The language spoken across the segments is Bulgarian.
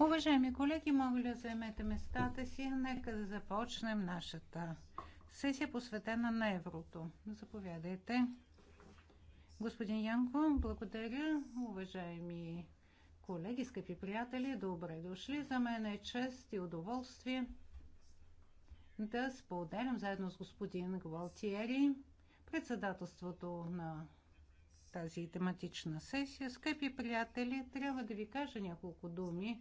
Уважаеми колеги, моля да заемете местата си. Нека да започнем нашата сесия, посветена на еврото. Заповядайте. Господин Янко, благодаря. Уважаеми колеги, скъпи приятели, добре дошли. За мен е чест и удоволствие да споделям заедно с господин Гвалтиери председателството на тази тематична сесия. Скъпи приятели, трябва да ви кажа няколко думи,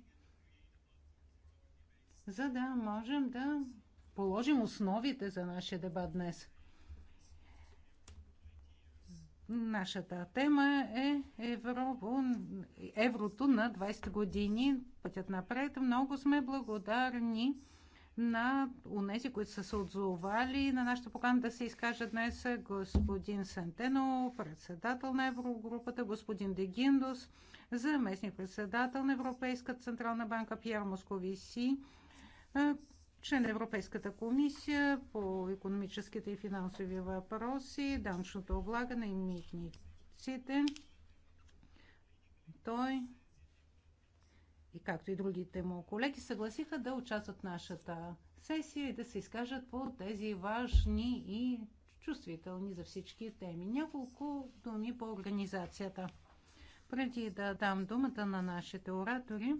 за да можем да положим основите за нашия дебат днес. Нашата тема е Европо, еврото на 20 години, пътят напред. Много сме благодарни на унези, които са се отзовали на нашата покана да се изкаже днес господин Сантено, председател на Еврогрупата, господин Дегиндос, заместник председател на Европейска централна банка Пьер Московиси, член на Европейската комисия по економическите и финансови въпроси, данчното облагане и митниците. Той и както и другите му колеги, съгласиха да участват в нашата сесия и да се изкажат по тези важни и чувствителни за всички теми. Няколко думи по организацията. Преди да дам думата на нашите оратори,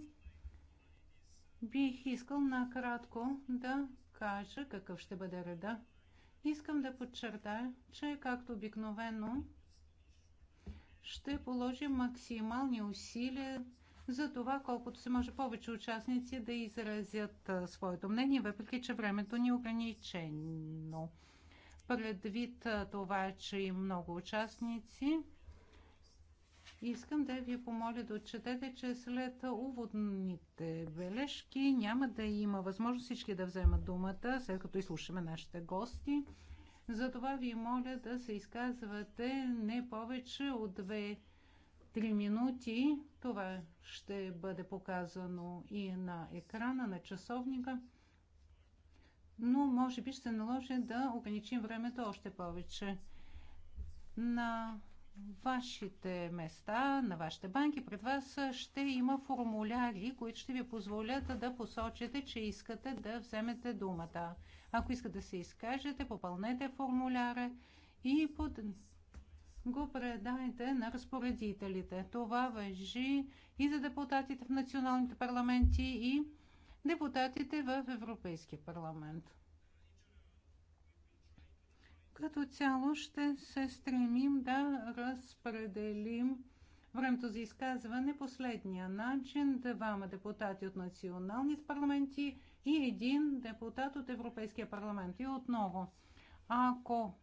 бих искал накратко да кажа какъв ще бъде реда. Искам да подчертая, че както обикновено ще положим максимални усилия за това колкото се може повече участници да изразят своето мнение, въпреки че времето ни е ограничено. Предвид това, че и много участници, искам да ви помоля да отчетете, че след уводните бележки няма да има възможност всички да вземат думата, след като изслушаме нашите гости. Затова ви моля да се изказвате не повече от 2-3 минути, това ще бъде показано и на екрана, на часовника. Но може би ще наложи да ограничим времето още повече. На вашите места, на вашите банки, пред вас ще има формуляри, които ще ви позволят да посочите, че искате да вземете думата. Ако искате да се изкажете, попълнете формуляра и под го предайте на разпоредителите. Това въжи и за депутатите в националните парламенти и депутатите в Европейския парламент. Като цяло ще се стремим да разпределим времето за изказване последния начин. Двама депутати от националните парламенти и един депутат от Европейския парламент. И отново, ако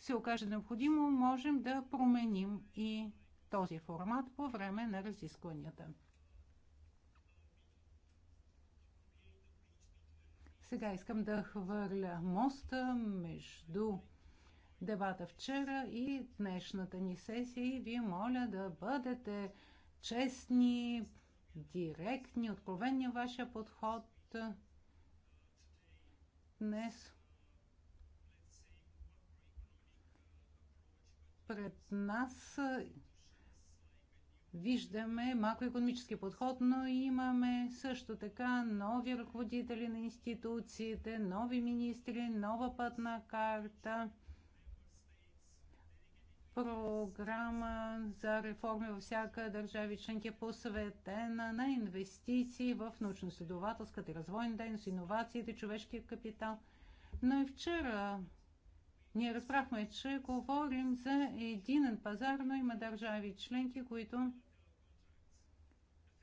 се окаже необходимо, можем да променим и този формат по време на разискванията. Сега искам да хвърля моста между дебата вчера и днешната ни сесия и ви моля да бъдете честни, директни, откровенни вашия подход. Днес пред нас виждаме макроекономически подход, но имаме също така нови ръководители на институциите, нови министри, нова пътна карта, програма за реформи във всяка държава членки е посветена на инвестиции в научно-следователската и развойна дейност, иновациите, човешкия капитал. Но и вчера ние разбрахме, че говорим за единен пазар, но има държави членки, които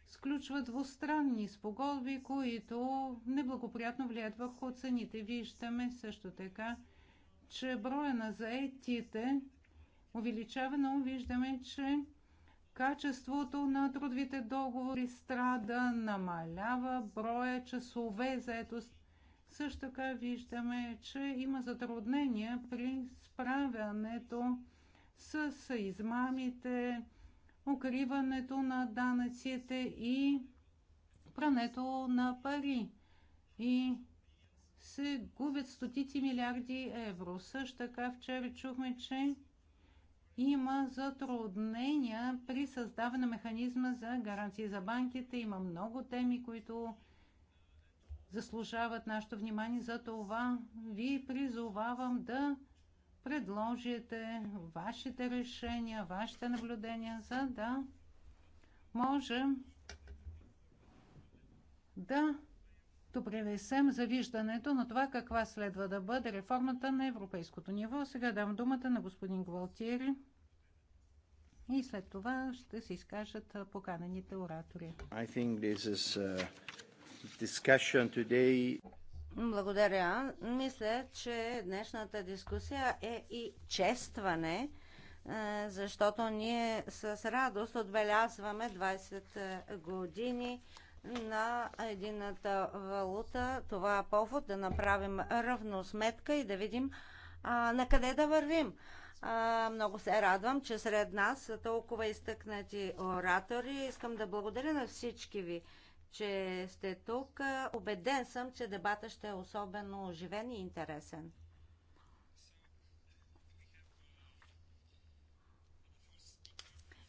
сключват двустранни спогодби, които неблагоприятно влияят върху цените. Виждаме също така, че броя на заетите увеличава, но виждаме, че качеството на трудовите договори страда, намалява броя часове заетост също така виждаме, че има затруднения при справянето с измамите, укриването на данъците и прането на пари. И се губят стотици милиарди евро. Също така вчера чухме, че има затруднения при създаване на механизма за гаранции за банките. Има много теми, които заслужават нашето внимание. За това ви призовавам да предложите вашите решения, вашите наблюдения, за да можем да допринесем за виждането на това каква следва да бъде реформата на европейското ниво. Сега дам думата на господин Гвалтиери и след това ще се изкажат поканените оратори. I think this is, uh discussion today. Благодаря. Мисля, че днешната дискусия е и честване, е, защото ние с радост отбелязваме 20 е, години на едината валута. Това е повод да направим равносметка и да видим а, е, на къде да вървим. А, много се радвам, че сред нас са толкова изтъкнати оратори. Искам да благодаря на всички ви че сте тук. Обеден съм, че дебата ще е особено оживен и интересен.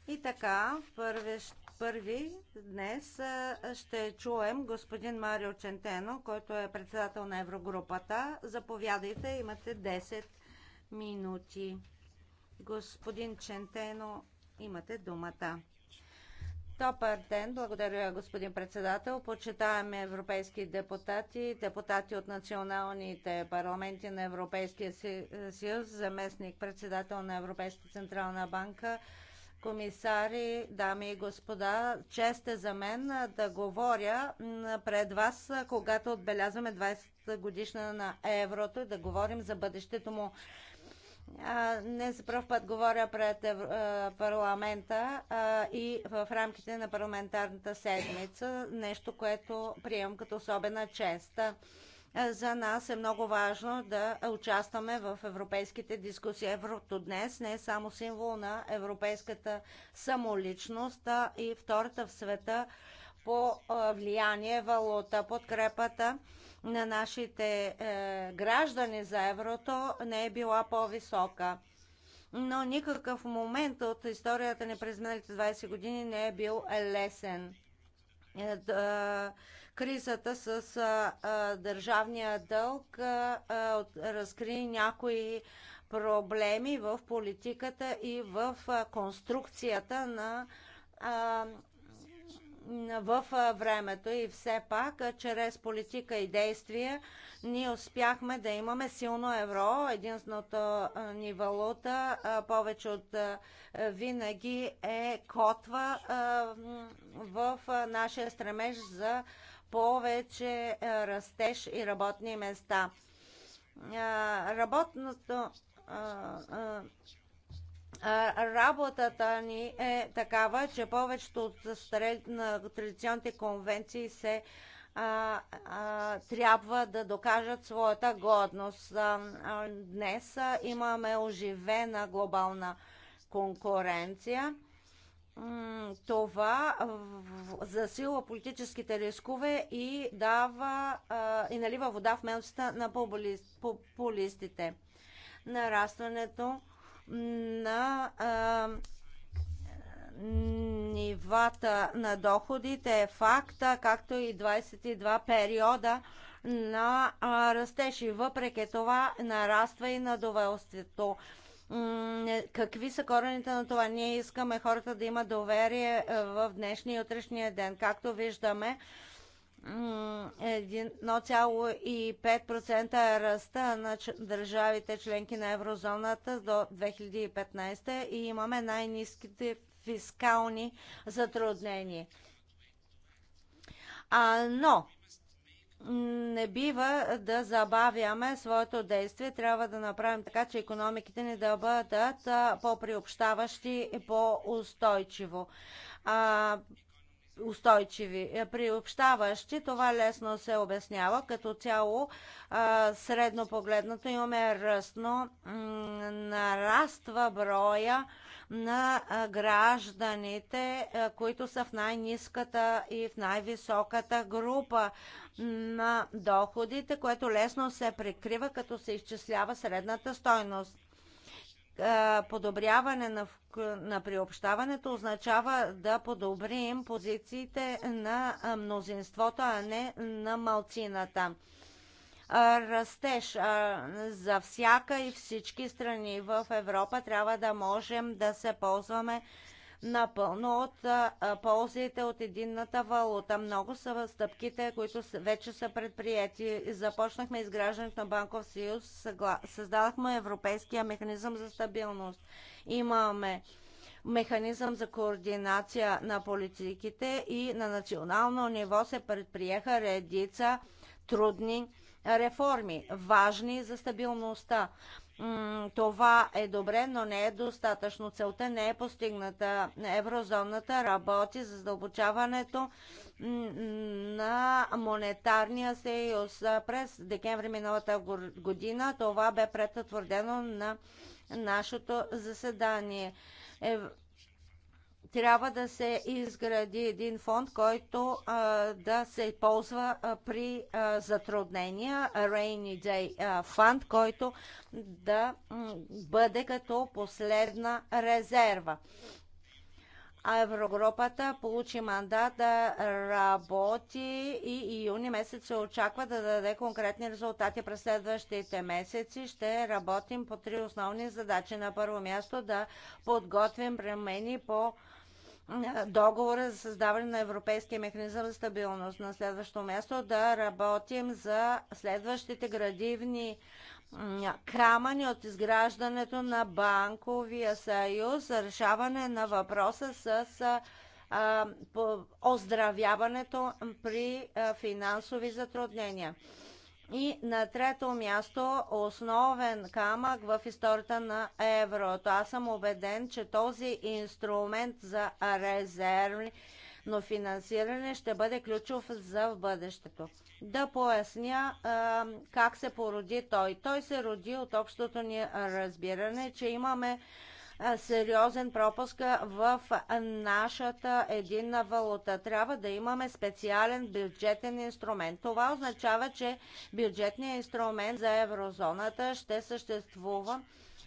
И така, първи, първи днес ще чуем господин Марио Чентено, който е председател на Еврогрупата. Заповядайте, имате 10 минути. Господин Чентено, имате думата. Добър ден, благодаря господин председател. Почитаваме европейски депутати, депутати от националните парламенти на Европейския съюз, заместник председател на Европейска централна банка, комисари, дами и господа. Чест е за мен да говоря пред вас, когато отбелязваме 20 годишна на еврото и да говорим за бъдещето му не за първ път говоря пред парламента и в рамките на парламентарната седмица, нещо, което приемам като особена чест. За нас е много важно да участваме в европейските дискусии. Еврото днес не е само символ на европейската самоличност, а и втората в света по влияние валута. Подкрепата на нашите е, граждани за еврото не е била по-висока. Но никакъв момент от историята ни през миналите 20 години не е бил лесен е, кризата с държавния дълг разкри някои проблеми в политиката и в конструкцията на в времето и все пак чрез политика и действия ние успяхме да имаме силно евро. Единственото ни валута повече от винаги е котва в нашия стремеж за повече растеж и работни места. Работното работата ни е такава, че повечето от традиционните конвенции се а, а, трябва да докажат своята годност. А, днес имаме оживена глобална конкуренция. Това засилва политическите рискове и дава и налива вода в мелцата на популистите. Нарастването на а, нивата на доходите е факта, както и 22 периода на растеж. И въпреки това нараства и надоволствието. Какви са корените на това? Ние искаме хората да имат доверие в днешния и утрешния ден. Както виждаме, 1,5% ръста на държавите членки на еврозоната до 2015 и имаме най-низките фискални затруднения. А, но не бива да забавяме своето действие. Трябва да направим така, че економиките ни да бъдат по-приобщаващи и по-устойчиво устойчиви, е, приобщаващи. Това лесно се обяснява. Като цяло, средно погледнато, имаме ръстно, нараства броя на гражданите, които са в най-низката и в най-високата група на доходите, което лесно се прикрива, като се изчислява средната стойност подобряване на, на приобщаването означава да подобрим позициите на мнозинството, а не на малцината. Растеж за всяка и всички страни в Европа трябва да можем да се ползваме напълно от ползите от единната валута. Много са стъпките, които вече са предприяти. Започнахме изграждането на банков съюз, създадахме Европейския механизъм за стабилност. Имаме механизъм за координация на политиките и на национално ниво се предприеха редица трудни реформи, важни за стабилността това е добре, но не е достатъчно. Целта не е постигната. Еврозоната работи за задълбочаването на монетарния съюз. През декември миналата година това бе претвърдено на нашето заседание трябва да се изгради един фонд, който а, да се ползва а, при а, затруднения, Rainy Day а, Fund, който да бъде като последна резерва. А Еврогрупата получи мандат да работи и юни месец се очаква да даде конкретни резултати през следващите месеци. Ще работим по три основни задачи. На първо място да подготвим премени по договора за създаване на Европейския механизъм за стабилност. На следващо място да работим за следващите градивни крамани от изграждането на банковия съюз за решаване на въпроса с оздравяването при финансови затруднения. И на трето място, основен камък в историята на еврото. Аз съм убеден, че този инструмент за резерви но финансиране ще бъде ключов за бъдещето. Да поясня а, как се породи той. Той се роди от общото ни разбиране, че имаме сериозен пропуск в нашата единна валута. Трябва да имаме специален бюджетен инструмент. Това означава, че бюджетният инструмент за еврозоната ще съществува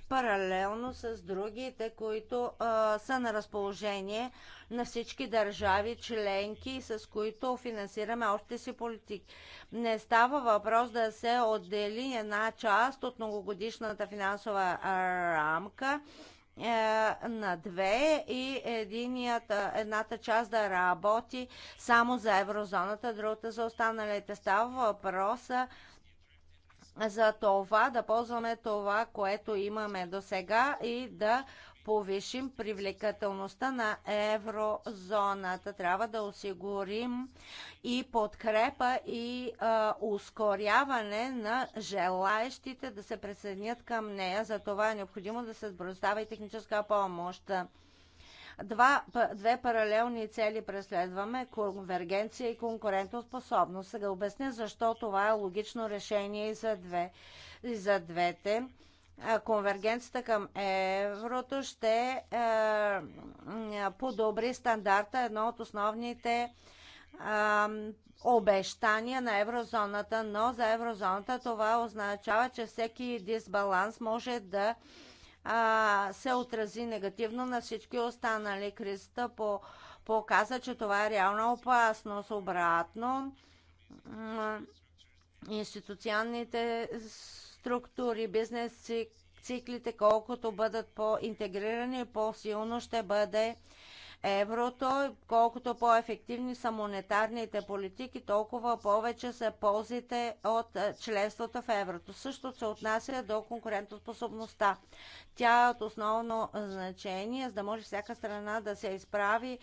паралелно с другите, които а, са на разположение на всички държави членки, с които финансираме още си политики. Не става въпрос да се отдели една част от многогодишната финансова рамка е, на две и единията, е, едната част да работи само за еврозоната, другата за останалите. Става въпроса за това да ползваме това, което имаме до сега и да повишим привлекателността на еврозоната. Трябва да осигурим и подкрепа и а, ускоряване на желаящите да се присъединят към нея. За това е необходимо да се предоставя и техническа помощ. Два, две паралелни цели преследваме – конвергенция и конкурентоспособност. Сега обясня защо това е логично решение и за, две, и за двете конвергенцията към еврото ще е, подобри стандарта, едно от основните е, обещания на еврозоната, но за еврозоната това означава, че всеки дисбаланс може да е, се отрази негативно на всички останали. Кризата по, показа, че това е реална опасност. Обратно, институционните структури, бизнес циклите, колкото бъдат по-интегрирани, по-силно ще бъде еврото, колкото по-ефективни са монетарните политики, толкова повече са ползите от е, членството в еврото. Също се отнася до конкурентоспособността. Тя е от основно значение, за да може всяка страна да се изправи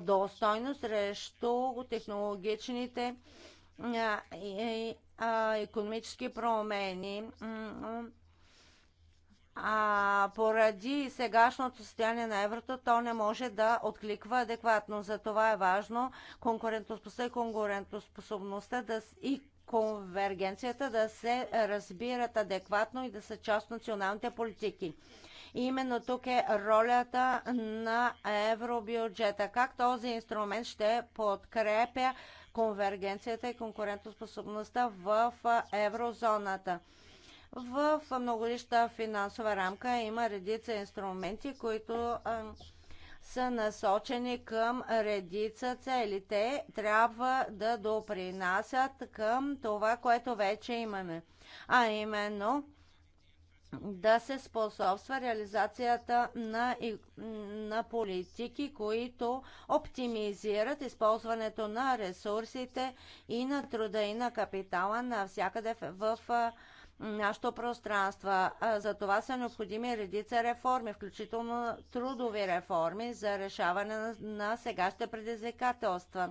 достойно срещу технологичните а, економически промени. А поради сегашното състояние на еврото, то не може да откликва адекватно. Затова е важно конкурентоспособността и конкурентоспособността да и конвергенцията да се разбират адекватно и да са част от националните политики. И именно тук е ролята на евробюджета. Как този инструмент ще подкрепя конвергенцията и конкурентоспособността в еврозоната. В многолища финансова рамка има редица инструменти, които са насочени към редица цели. Те трябва да допринасят към това, което вече имаме. А именно да се способства реализацията на, на политики, които оптимизират използването на ресурсите и на труда и на капитала навсякъде в, нашето пространство. За това са необходими редица реформи, включително трудови реформи за решаване на, на сегашните предизвикателства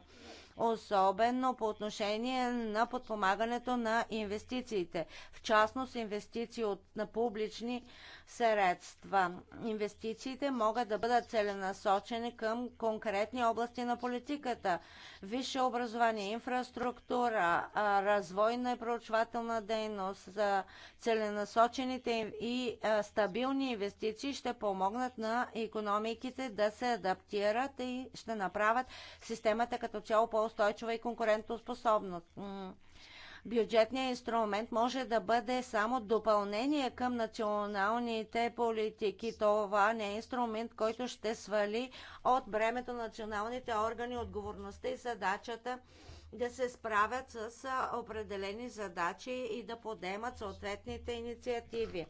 особено по отношение на подпомагането на инвестициите, в частност инвестиции от, на публични средства. Инвестициите могат да бъдат целенасочени към конкретни области на политиката. Висше образование, инфраструктура, развойна и проучвателна дейност за целенасочените и стабилни инвестиции ще помогнат на економиките да се адаптират и ще направят системата като цяло по-устойчива и конкурентоспособна бюджетният инструмент може да бъде само допълнение към националните политики. Това не е инструмент, който ще свали от бремето на националните органи отговорността и задачата да се справят с определени задачи и да подемат съответните инициативи.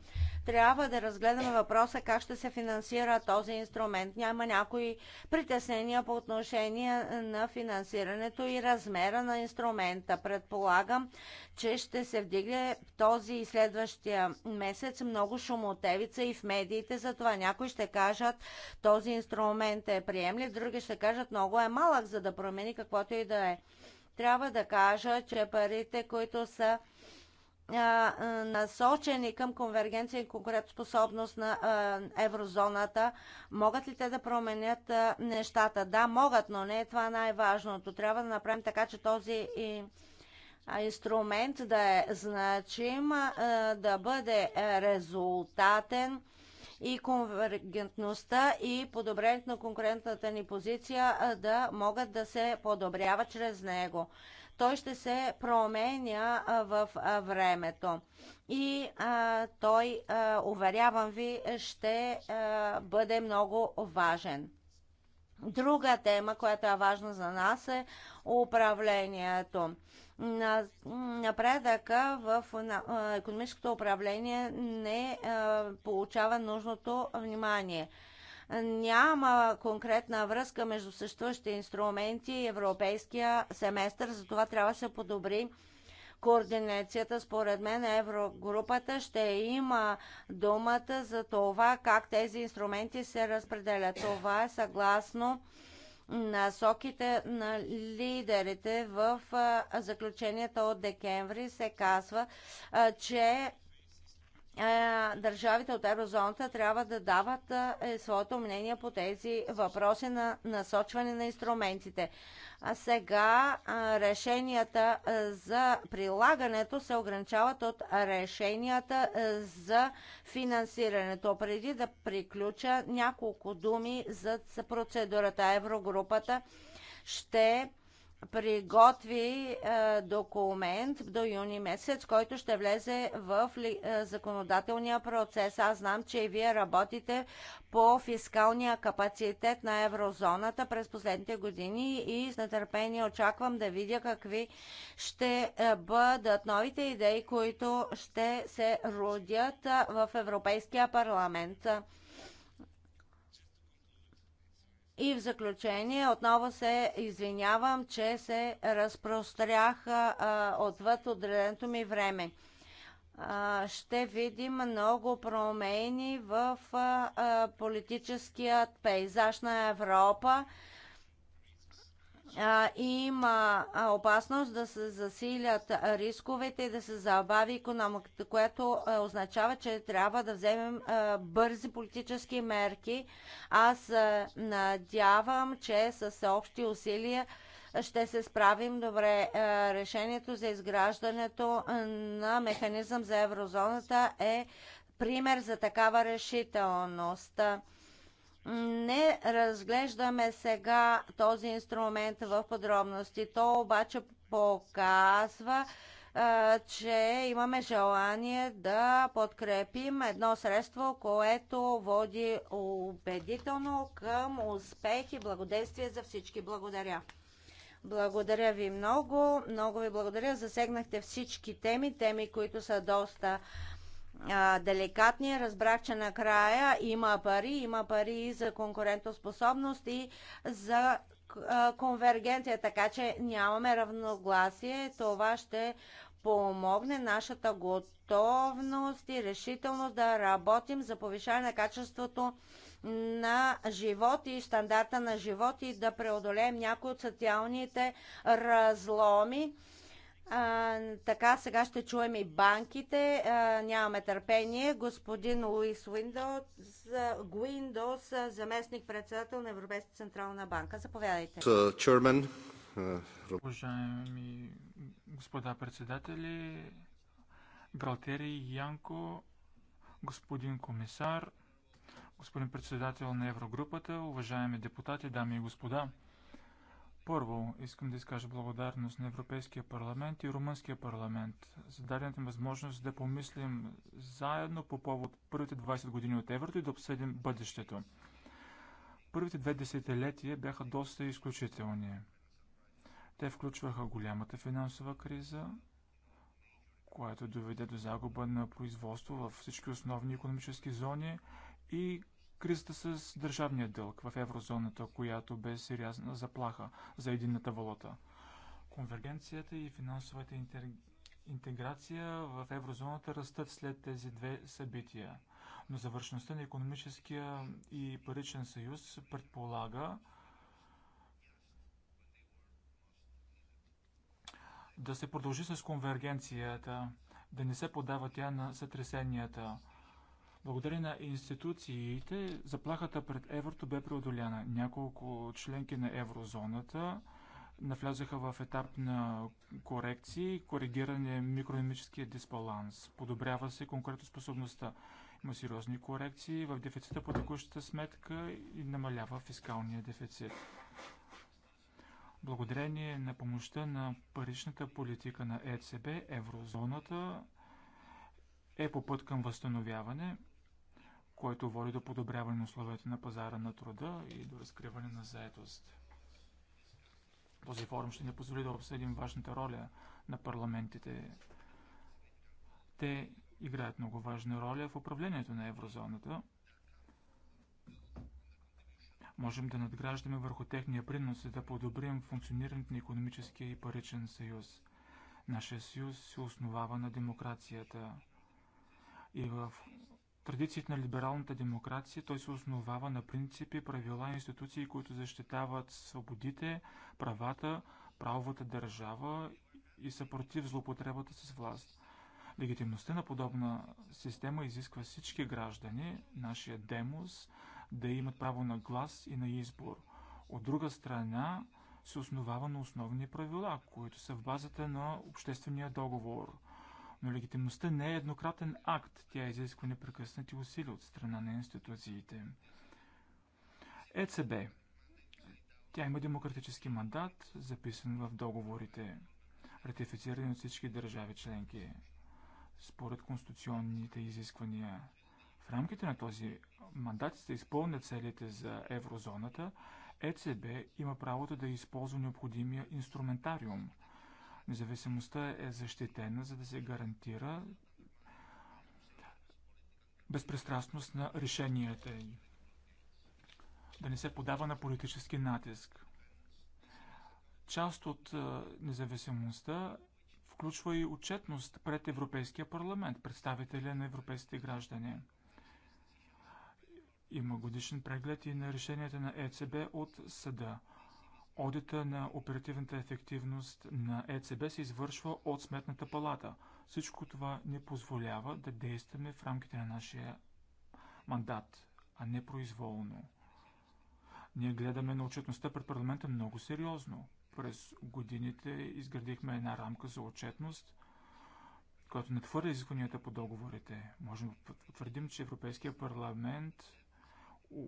Трябва да разгледаме въпроса как ще се финансира този инструмент. Няма някои притеснения по отношение на финансирането и размера на инструмента. Предполагам, че ще се вдигне този и следващия месец много шумотевица и в медиите. Затова някои ще кажат, този инструмент е приемлив, други ще кажат, много е малък, за да промени каквото и да е трябва да кажа, че парите, които са а, насочени към конвергенция и конкурентоспособност на а, еврозоната, могат ли те да променят а, нещата? Да, могат, но не е това най-важното. Трябва да направим така, че този и, инструмент да е значим, да бъде резултатен и конвергентността и подобрението на конкурентната ни позиция да могат да се подобряват чрез него. Той ще се променя в времето. И а, той, а, уверявам ви, ще а, бъде много важен. Друга тема, която е важна за нас е управлението напредъка в економическото управление не получава нужното внимание. Няма конкретна връзка между съществуващите инструменти и европейския семестър, затова трябва да се подобри координацията. Според мен Еврогрупата ще има думата за това как тези инструменти се разпределят. Това е съгласно насоките на лидерите в заключенията от декември се казва, че държавите от еврозоната трябва да дават е, своето мнение по тези въпроси на насочване на инструментите. А сега решенията за прилагането се ограничават от решенията за финансирането. Преди да приключа няколко думи за процедурата. Еврогрупата ще приготви е, документ до юни месец, който ще влезе в е, законодателния процес. Аз знам, че и вие работите по фискалния капацитет на еврозоната през последните години и с нетърпение очаквам да видя какви ще е, бъдат новите идеи, които ще се родят в Европейския парламент. И в заключение отново се извинявам, че се разпрострях а, отвъд отреденото ми време. А, ще видим много промени в а, политическият пейзаж на Европа има опасност да се засилят рисковете и да се забави економиката, което означава, че трябва да вземем бързи политически мерки. Аз надявам, че с общи усилия ще се справим добре. Решението за изграждането на механизъм за еврозоната е пример за такава решителност не разглеждаме сега този инструмент в подробности. То обаче показва, че имаме желание да подкрепим едно средство, което води убедително към успех и благодействие за всички. Благодаря. Благодаря ви много. Много ви благодаря. Засегнахте всички теми, теми, които са доста а, деликатни. Разбрах, че накрая има пари, има пари за конкурентоспособност и за конвергенция, така че нямаме равногласие. Това ще помогне нашата готовност и решителност да работим за повишаване на качеството на живот и стандарта на живот и да преодолеем някои от социалните разломи а, така, сега ще чуем и банките. А, нямаме търпение. Господин Луис Уиндос, Гуиндос, заместник-председател на Европейската централна банка. Заповядайте. Chairman. Уважаеми господа председатели, Галтери Янко, господин комисар, господин председател на Еврогрупата, уважаеми депутати, дами и господа. Първо, искам да изкажа благодарност на Европейския парламент и Румънския парламент за дадената възможност да помислим заедно по повод първите 20 години от еврото и да обсъдим бъдещето. Първите две десетилетия бяха доста изключителни. Те включваха голямата финансова криза, която доведе до загуба на производство във всички основни економически зони и кризата с държавния дълг в еврозоната, която бе сериозна заплаха за единната валута. Конвергенцията и финансовата интеграция в еврозоната растат след тези две събития. Но завършността на економическия и паричен съюз предполага да се продължи с конвергенцията, да не се подава тя на сътресенията – благодаря на институциите, заплахата пред еврото бе преодоляна. Няколко членки на еврозоната навлязаха в етап на корекции, коригиране микроемическия дисбаланс. Подобрява се конкурентоспособността. Има сериозни корекции в дефицита по текущата сметка и намалява фискалния дефицит. Благодарение на помощта на паричната политика на ЕЦБ, еврозоната е по път към възстановяване – който води до подобряване на условията на пазара на труда и до разкриване на заетост. Този форум ще ни позволи да обсъдим важната роля на парламентите. Те играят много важна роля в управлението на еврозоната. Можем да надграждаме върху техния принос и да подобрим функционирането на економическия и паричен съюз. Нашия съюз се основава на демокрацията. И в традициите на либералната демокрация, той се основава на принципи, правила и институции, които защитават свободите, правата, правовата държава и са против злоупотребата с власт. Легитимността на подобна система изисква всички граждани, нашия демос, да имат право на глас и на избор. От друга страна, се основава на основни правила, които са в базата на обществения договор. Но легитимността не е еднократен акт, тя изисква непрекъснати усилия от страна на институциите. ЕЦБ. Тя има демократически мандат, записан в договорите, ратифицирани от всички държави членки, според конституционните изисквания. В рамките на този мандат се изпълнят целите за еврозоната, ЕЦБ има правото да използва необходимия инструментариум – Независимостта е защитена, за да се гарантира безпристрастност на решенията й. Да не се подава на политически натиск. Част от е, независимостта включва и отчетност пред Европейския парламент, представителя на европейските граждани. Има годишен преглед и на решенията на ЕЦБ от съда – Одита на оперативната ефективност на ЕЦБ се извършва от Сметната палата. Всичко това ни позволява да действаме в рамките на нашия мандат, а не произволно. Ние гледаме на отчетността пред парламента много сериозно. През годините изградихме една рамка за отчетност, която надхвърля изискванията по договорите. Можем да потвърдим, че Европейския парламент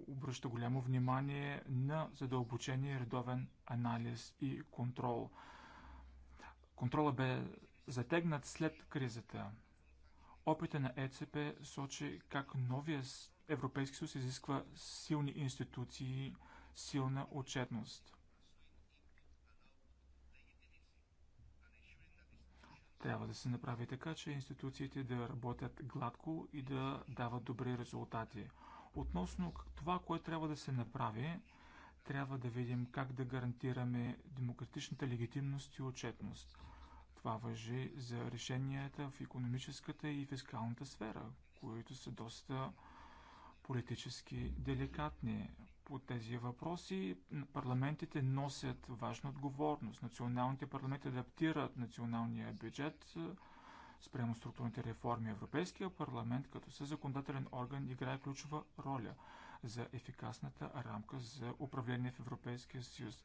обръща голямо внимание на задълбочения редовен анализ и контрол. Контрола бе затегнат след кризата. Опита на ЕЦП сочи как новия Европейски съюз изисква силни институции, силна отчетност. Трябва да се направи така, че институциите да работят гладко и да дават добри резултати. Относно това, което трябва да се направи, трябва да видим как да гарантираме демократичната легитимност и отчетност. Това въжи за решенията в економическата и фискалната сфера, които са доста политически деликатни по тези въпроси. Парламентите носят важна отговорност. Националните парламенти адаптират националния бюджет спрямо структурните реформи. Европейския парламент като съзаконодателен орган играе ключова роля за ефикасната рамка за управление в Европейския съюз.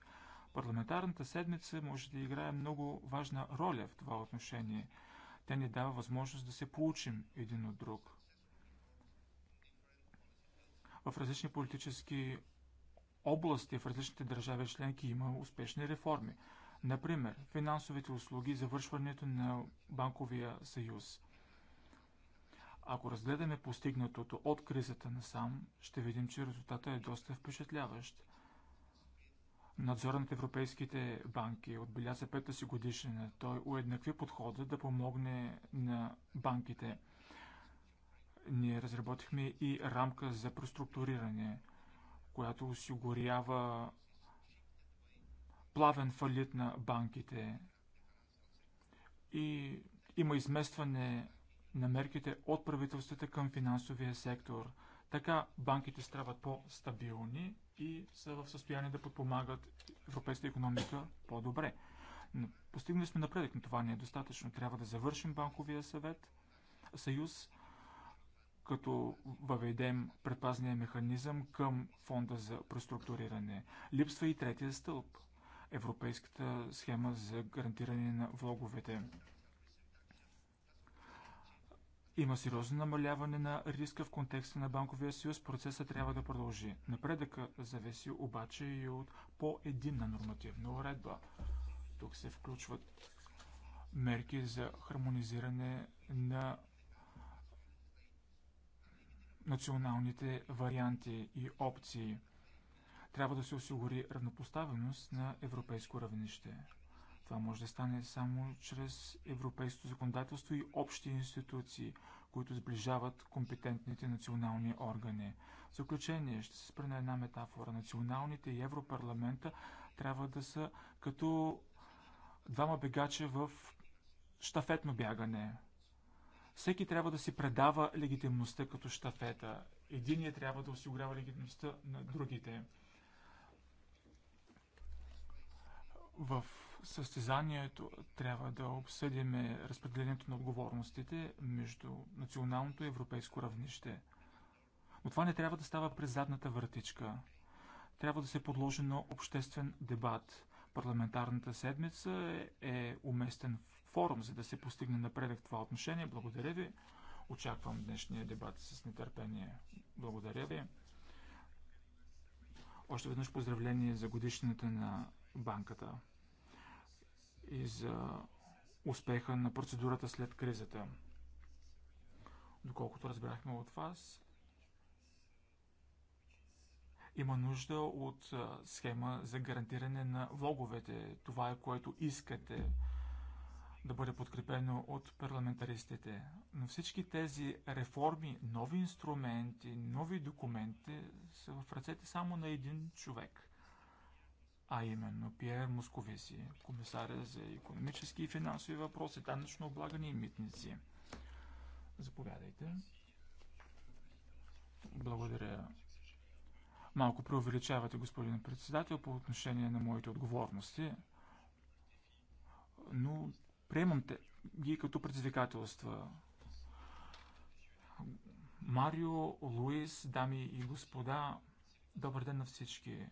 Парламентарната седмица може да играе много важна роля в това отношение. Тя ни дава възможност да се получим един от друг. В различни политически области, в различните държави членки има успешни реформи. Например, финансовите услуги, завършването на банковия съюз. Ако разгледаме постигнатото от кризата насам, ще видим, че резултатът е доста впечатляващ. Надзорът на европейските банки отбеляза пета си годишнина. Той уеднакви подхода да помогне на банките. Ние разработихме и рамка за преструктуриране, която осигурява плавен фалит на банките и има изместване на мерките от правителствата към финансовия сектор. Така банките стават по-стабилни и са в състояние да подпомагат европейската економика по-добре. Постигнали сме напредък, но това не е достатъчно. Трябва да завършим банковия съвет, съюз, като въведем предпазния механизъм към фонда за преструктуриране. Липсва и третия стълб – европейската схема за гарантиране на влоговете. Има сериозно намаляване на риска в контекста на банковия съюз. Процесът трябва да продължи. Напредъка зависи обаче и от по-единна нормативна уредба. Тук се включват мерки за хармонизиране на националните варианти и опции – трябва да се осигури равнопоставеност на европейско равнище. Това може да стане само чрез европейското законодателство и общи институции, които сближават компетентните национални органи. В заключение ще се спра на една метафора. Националните и Европарламента трябва да са като двама бегача в штафетно бягане. Всеки трябва да си предава легитимността като штафета. Единият трябва да осигурява легитимността на другите. В състезанието трябва да обсъдим разпределението на отговорностите между националното и европейско равнище. Но това не трябва да става през задната вратичка. Трябва да се подложи на обществен дебат. Парламентарната седмица е уместен форум, за да се постигне напредък в това отношение. Благодаря ви. Очаквам днешния дебат с нетърпение. Благодаря ви. Още веднъж поздравление за годишната на банката и за успеха на процедурата след кризата. Доколкото разбрахме от вас, има нужда от схема за гарантиране на влоговете. Това е което искате да бъде подкрепено от парламентаристите. Но всички тези реформи, нови инструменти, нови документи са в ръцете само на един човек а именно Пьер Московиси, комисаря за економически и финансови въпроси, данъчно облагане и митници. Заповядайте. Благодаря. Малко преувеличавате, господин председател, по отношение на моите отговорности, но приемам те ги като предизвикателства. Марио, Луис, дами и господа, добър ден на всички.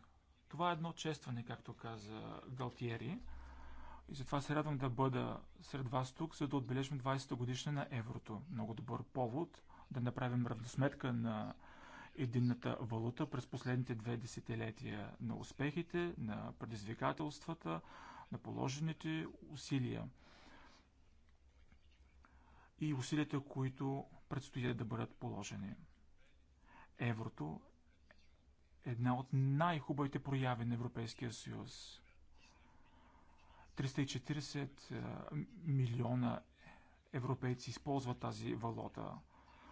Това е едно честване, както каза Галтиери. И затова се радвам да бъда сред вас тук, за да отбележим 20-та годишна на еврото. Много добър повод да направим равносметка на единната валута през последните две десетилетия на успехите, на предизвикателствата, на положените усилия и усилията, които предстоят да бъдат положени. Еврото една от най-хубавите прояви на Европейския съюз. 340 е, милиона европейци използват тази валута.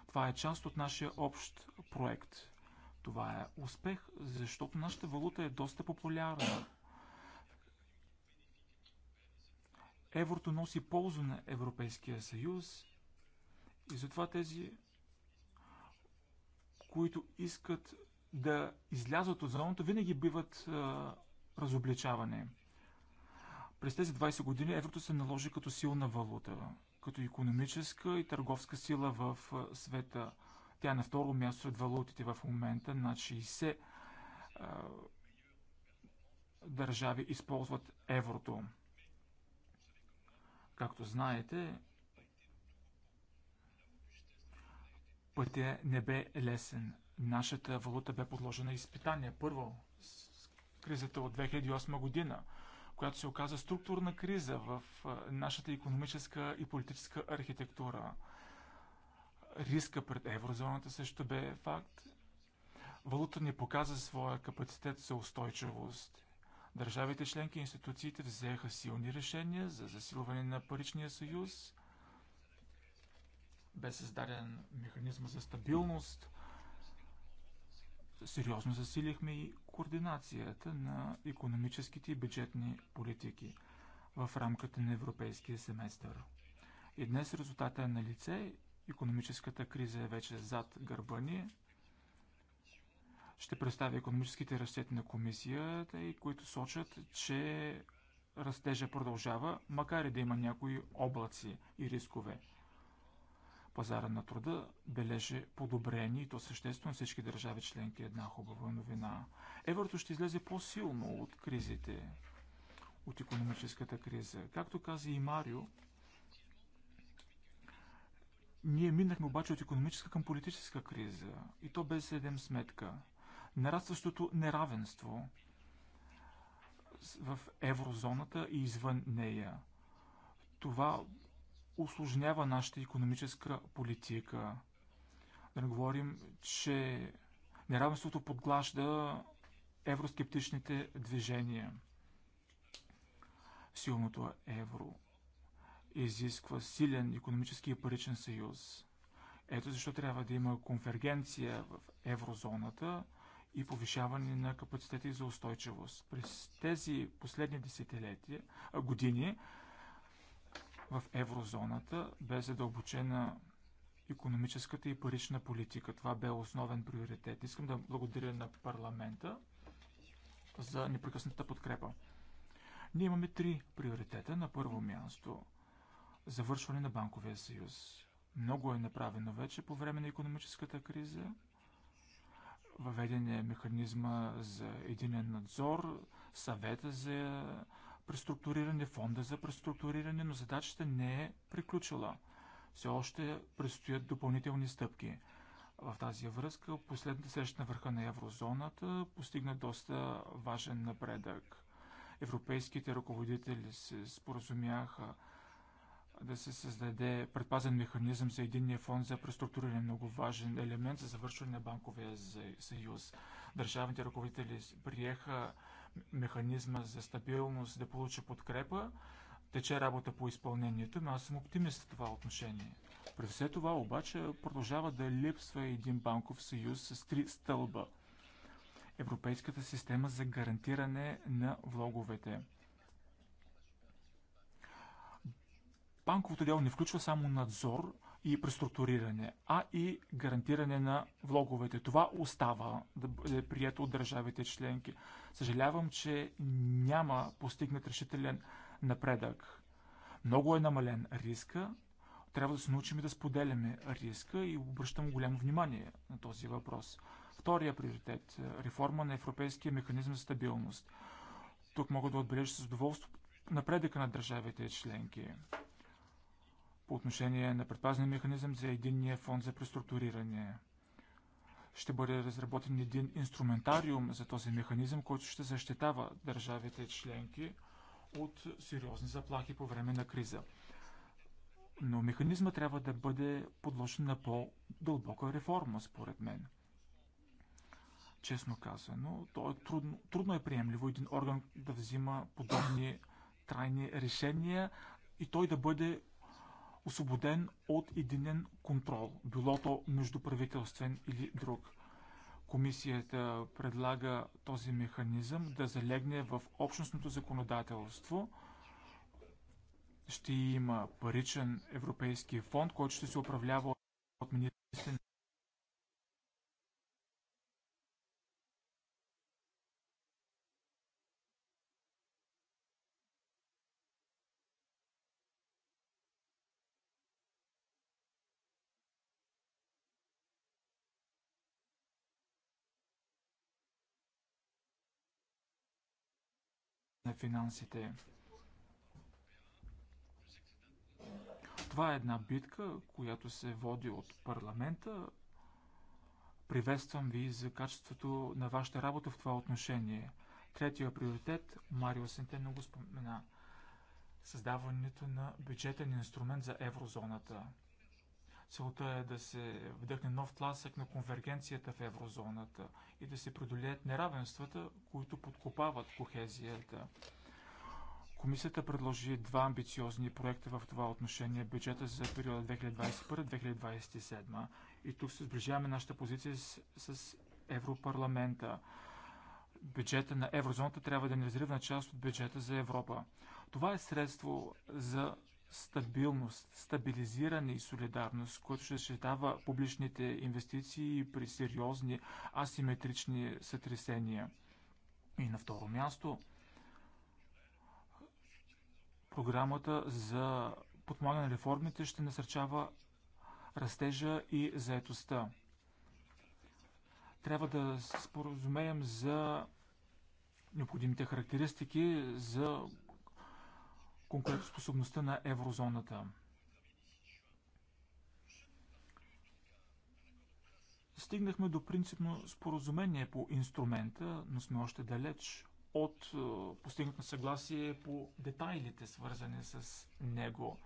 Това е част от нашия общ проект. Това е успех, защото нашата валута е доста популярна. Еврото носи полза на Европейския съюз и затова тези, които искат да излязат от зоната, винаги биват а, разобличавани. През тези 20 години еврото се наложи като силна валута, като економическа и търговска сила в света. Тя е на второ място от валутите в момента. Над 60 а, държави използват еврото. Както знаете, пътя не бе лесен нашата валута бе подложена изпитание. Първо, кризата от 2008 година, която се оказа структурна криза в нашата економическа и политическа архитектура. Риска пред еврозоната също бе факт. Валута ни показа своя капацитет за устойчивост. Държавите членки и институциите взеха силни решения за засилване на паричния съюз. Бе създаден механизъм за стабилност – Сериозно засилихме и координацията на економическите и бюджетни политики в рамката на европейския семестър. И днес резултата е на лице, економическата криза е вече зад гърба ни. Ще представя економическите разчети на комисията, и които сочат, че растежа продължава, макар и да има някои облаци и рискове пазара на труда бележи подобрение и то съществено всички държави членки е една хубава новина. Еврото ще излезе по-силно от кризите, от економическата криза. Както каза и Марио, ние минахме обаче от економическа към политическа криза и то без седем сметка. Нарастващото неравенство в еврозоната и извън нея. Това осложнява нашата економическа политика. Да не говорим, че неравенството подглажда евроскептичните движения. Силното евро изисква силен економически и паричен съюз. Ето защо трябва да има конвергенция в еврозоната и повишаване на капацитета и за устойчивост. През тези последни десетилетия, години в еврозоната бе задълбочена економическата и парична политика. Това бе основен приоритет. Искам да благодаря на парламента за непрекъсната подкрепа. Ние имаме три приоритета. На първо място завършване на банковия съюз. Много е направено вече по време на економическата криза. Въведен е механизма за единен надзор, съвета за преструктуриране, фонда за преструктуриране, но задачата не е приключила. Все още предстоят допълнителни стъпки. В тази връзка последната среща на върха на еврозоната постигна доста важен напредък. Европейските ръководители се споразумяха да се създаде предпазен механизъм за единния фонд за преструктуриране, много важен елемент за завършване на банковия съюз. Държавните ръководители приеха механизма за стабилност да получи подкрепа, тече работа по изпълнението, но аз съм оптимист в това отношение. При все това обаче продължава да липсва един банков съюз с три стълба. Европейската система за гарантиране на влоговете. Банковото дело не включва само надзор, и преструктуриране, а и гарантиране на влоговете. Това остава да бъде прието от държавите членки. Съжалявам, че няма постигнат решителен напредък. Много е намален риска. Трябва да се научим и да споделяме риска и обръщам голямо внимание на този въпрос. Втория приоритет е – реформа на Европейския механизъм за стабилност. Тук мога да отбележа с удоволство напредъка на държавите членки по отношение на предпазния механизъм за единния фонд за преструктуриране. Ще бъде разработен един инструментариум за този механизъм, който ще защитава държавите членки от сериозни заплахи по време на криза. Но механизма трябва да бъде подложен на по-дълбока реформа, според мен. Честно казано, то е трудно, трудно е приемливо един орган да взима подобни трайни решения и той да бъде освободен от единен контрол, било то междуправителствен или друг. Комисията предлага този механизъм да залегне в общностното законодателство. Ще има паричен европейски фонд, който ще се управлява от министерството на финансите. Това е една битка, която се води от парламента. Приветствам ви за качеството на вашата работа в това отношение. Третия приоритет, Марио Сентено го спомена, създаването на бюджетен инструмент за еврозоната – Целта е да се вдъхне нов тласък на конвергенцията в еврозоната и да се преодолеят неравенствата, които подкопават кохезията. Комисията предложи два амбициозни проекта в това отношение бюджета за периода 2021-2027. И тук се сближаваме нашата позиция с, с Европарламента. Бюджета на еврозоната трябва да е неразривна част от бюджета за Европа. Това е средство за стабилност, стабилизиране и солидарност, което ще защитава публичните инвестиции при сериозни асиметрични сътресения. И на второ място, програмата за подмагане на реформите ще насърчава растежа и заетостта. Трябва да споразумеем за необходимите характеристики за конкурентоспособността на еврозоната. Стигнахме до принципно споразумение по инструмента, но сме още далеч от е, постигнато съгласие по детайлите, свързани с него.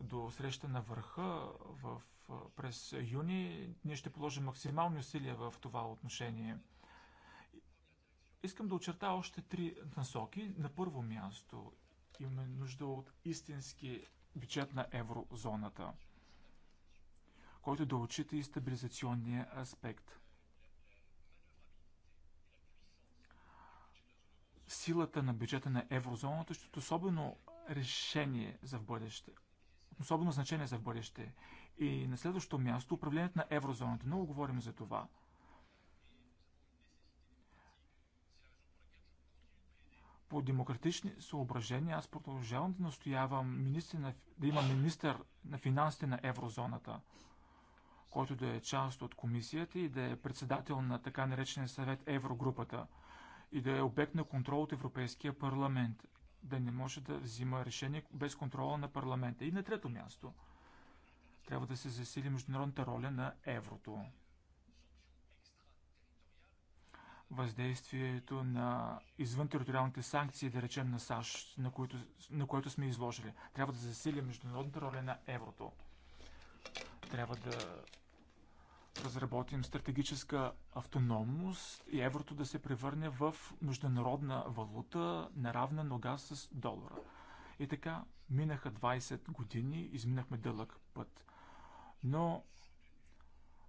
До среща на върха в, е, през юни ние ще положим максимални усилия в това отношение. Искам да очертая още три насоки. На първо място Имаме нужда от истински бюджет на еврозоната, който да отчита и стабилизационния аспект. Силата на бюджета на еврозоната ще е особено решение за в бъдеще, особено значение за в бъдеще. И на следващото място управлението на еврозоната. Много говорим за това – По демократични съображения аз продължавам да настоявам министр на, да има министър на финансите на еврозоната, който да е част от комисията и да е председател на така наречения съвет Еврогрупата и да е обект на контрол от Европейския парламент, да не може да взима решение без контрола на парламента. И на трето място, трябва да се засили международната роля на еврото въздействието на извън териториалните санкции, да речем на САЩ, на, които, на което сме изложили. Трябва да засилим международната роля на еврото. Трябва да разработим стратегическа автономност и еврото да се превърне в международна валута, наравна нога с долара. И така, минаха 20 години, изминахме дълъг път. Но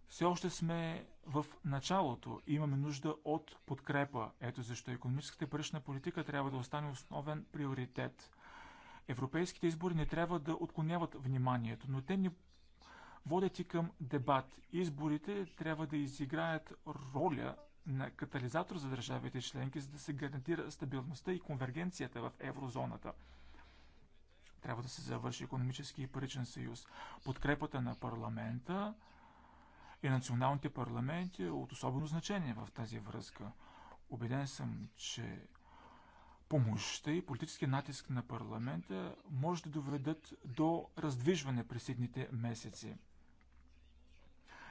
все още сме в началото и имаме нужда от подкрепа. Ето защо економическата и парична политика трябва да остане основен приоритет. Европейските избори не трябва да отклоняват вниманието, но те ни водят и към дебат. Изборите трябва да изиграят роля на катализатор за държавите членки, за да се гарантира стабилността и конвергенцията в еврозоната. Трябва да се завърши економически и паричен съюз. Подкрепата на парламента и националните парламенти е от особено значение в тази връзка. Обеден съм, че помощта и политически натиск на парламента може да доведат до раздвижване през следните месеци.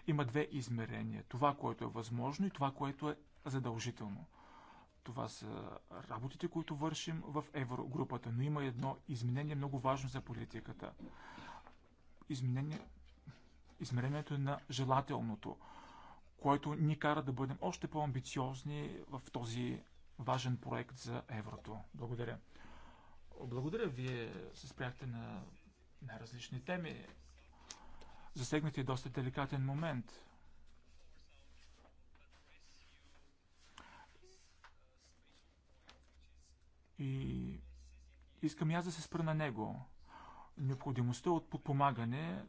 Има две измерения. Това, което е възможно и това, което е задължително. Това са работите, които вършим в еврогрупата. Но има едно изменение много важно за политиката. Изменение измерението е на желателното, което ни кара да бъдем още по-амбициозни в този важен проект за еврото. Благодаря. Благодаря, вие се спряхте на, на различни теми. Засегнахте доста деликатен момент. И искам и аз да се спра на него. Необходимостта от подпомагане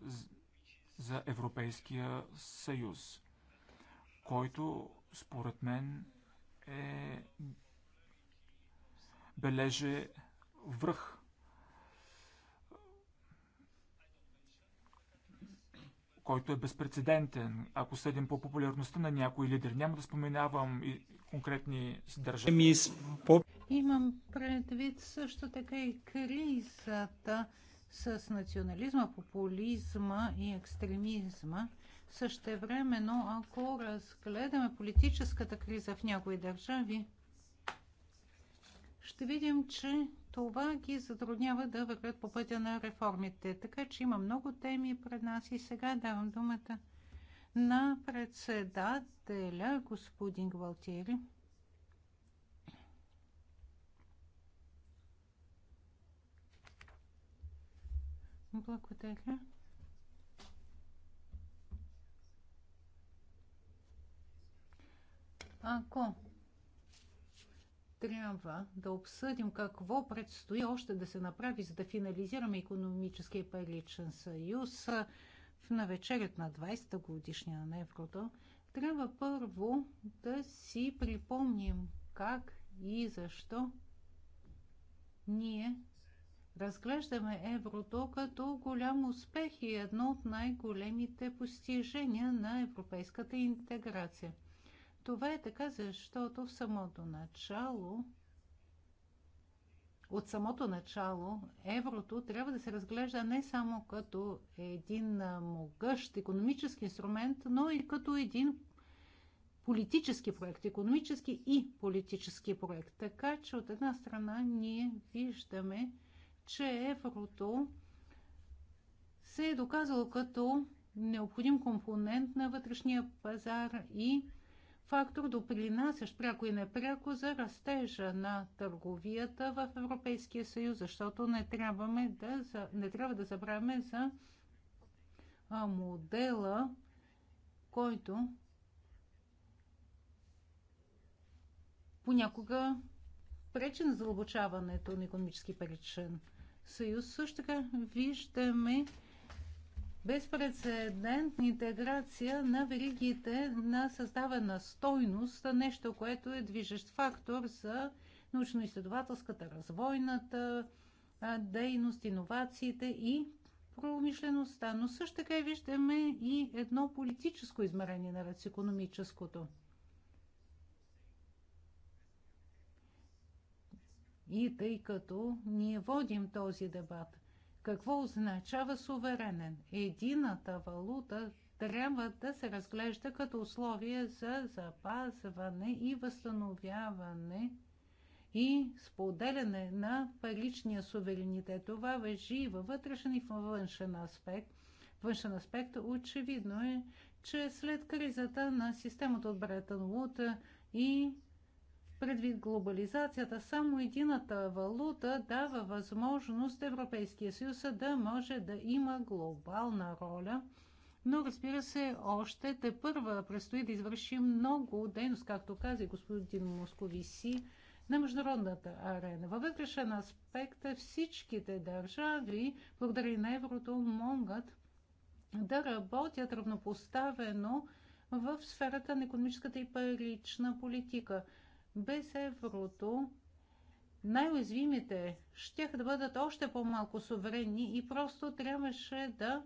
за Европейския съюз, който според мен е бележе връх. който е безпредседентен, ако съдим по популярността на някой лидер. Няма да споменавам и конкретни държави. Имам предвид също така и кризата с национализма, популизма и екстремизма. също време, но ако разгледаме политическата криза в някои държави, ще видим, че това ги затруднява да вървят по пътя на реформите. Така че има много теми пред нас и сега давам думата на председателя господин Гвалтиери. Благодаря. Ако трябва да обсъдим какво предстои още да се направи, за да финализираме економическия паричен съюз в навечерят на 20-та годишния на еврото, трябва първо да си припомним как и защо ние разглеждаме еврото като голям успех и едно от най-големите постижения на европейската интеграция. Това е така, защото в самото начало от самото начало еврото трябва да се разглежда не само като един могъщ економически инструмент, но и като един политически проект, економически и политически проект. Така че от една страна ние виждаме че еврото се е доказало като необходим компонент на вътрешния пазар и фактор допринасящ пряко и непряко за растежа на търговията в Европейския съюз, защото не, трябваме да, не трябва да забравяме за модела, който понякога пречи на задълбочаването на економически причин съюз. Също така виждаме безпредседентна интеграция на веригите на създавана стойност, нещо, което е движещ фактор за научно-изследователската, развойната дейност, иновациите и промишлеността. Но също така виждаме и едно политическо измерение на с економическото. И тъй като ние водим този дебат, какво означава суверенен? Едината валута трябва да се разглежда като условие за запазване и възстановяване и споделяне на паричния суверенитет. Това въжи във вътрешен и във външен аспект. Външен аспект очевидно е, че след кризата на системата от Бреттон Лута и Предвид глобализацията, само едината валута дава възможност Европейския съюз да може да има глобална роля. Но разбира се, още те първа предстои да извърши много дейност, както каза господин Московиси, на международната арена. Във вътрешен аспект всичките държави, благодаря на еврото, могат да работят равнопоставено в сферата на економическата и парична политика. Без еврото най-уязвимите ще да бъдат още по-малко суверенни и просто трябваше да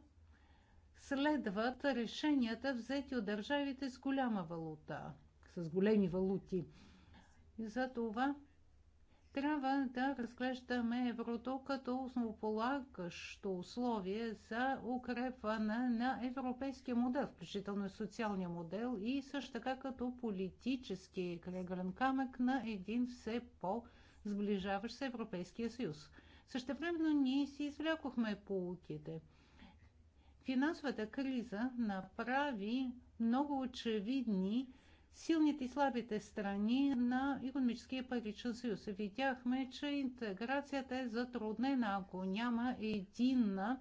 следват решенията, взети от държавите с голяма валута, с големи валути. за това трябва да разглеждаме еврото като основополагащо условие за укрепване на европейския модел, включително и социалния модел и също така като политически крегълен камък на един все по-сближаващ се Европейския съюз. Същевременно ние си извлякохме полуките. Финансовата криза направи много очевидни силните и слабите страни на економическия паричен съюз. Видяхме, че интеграцията е затруднена, ако няма единна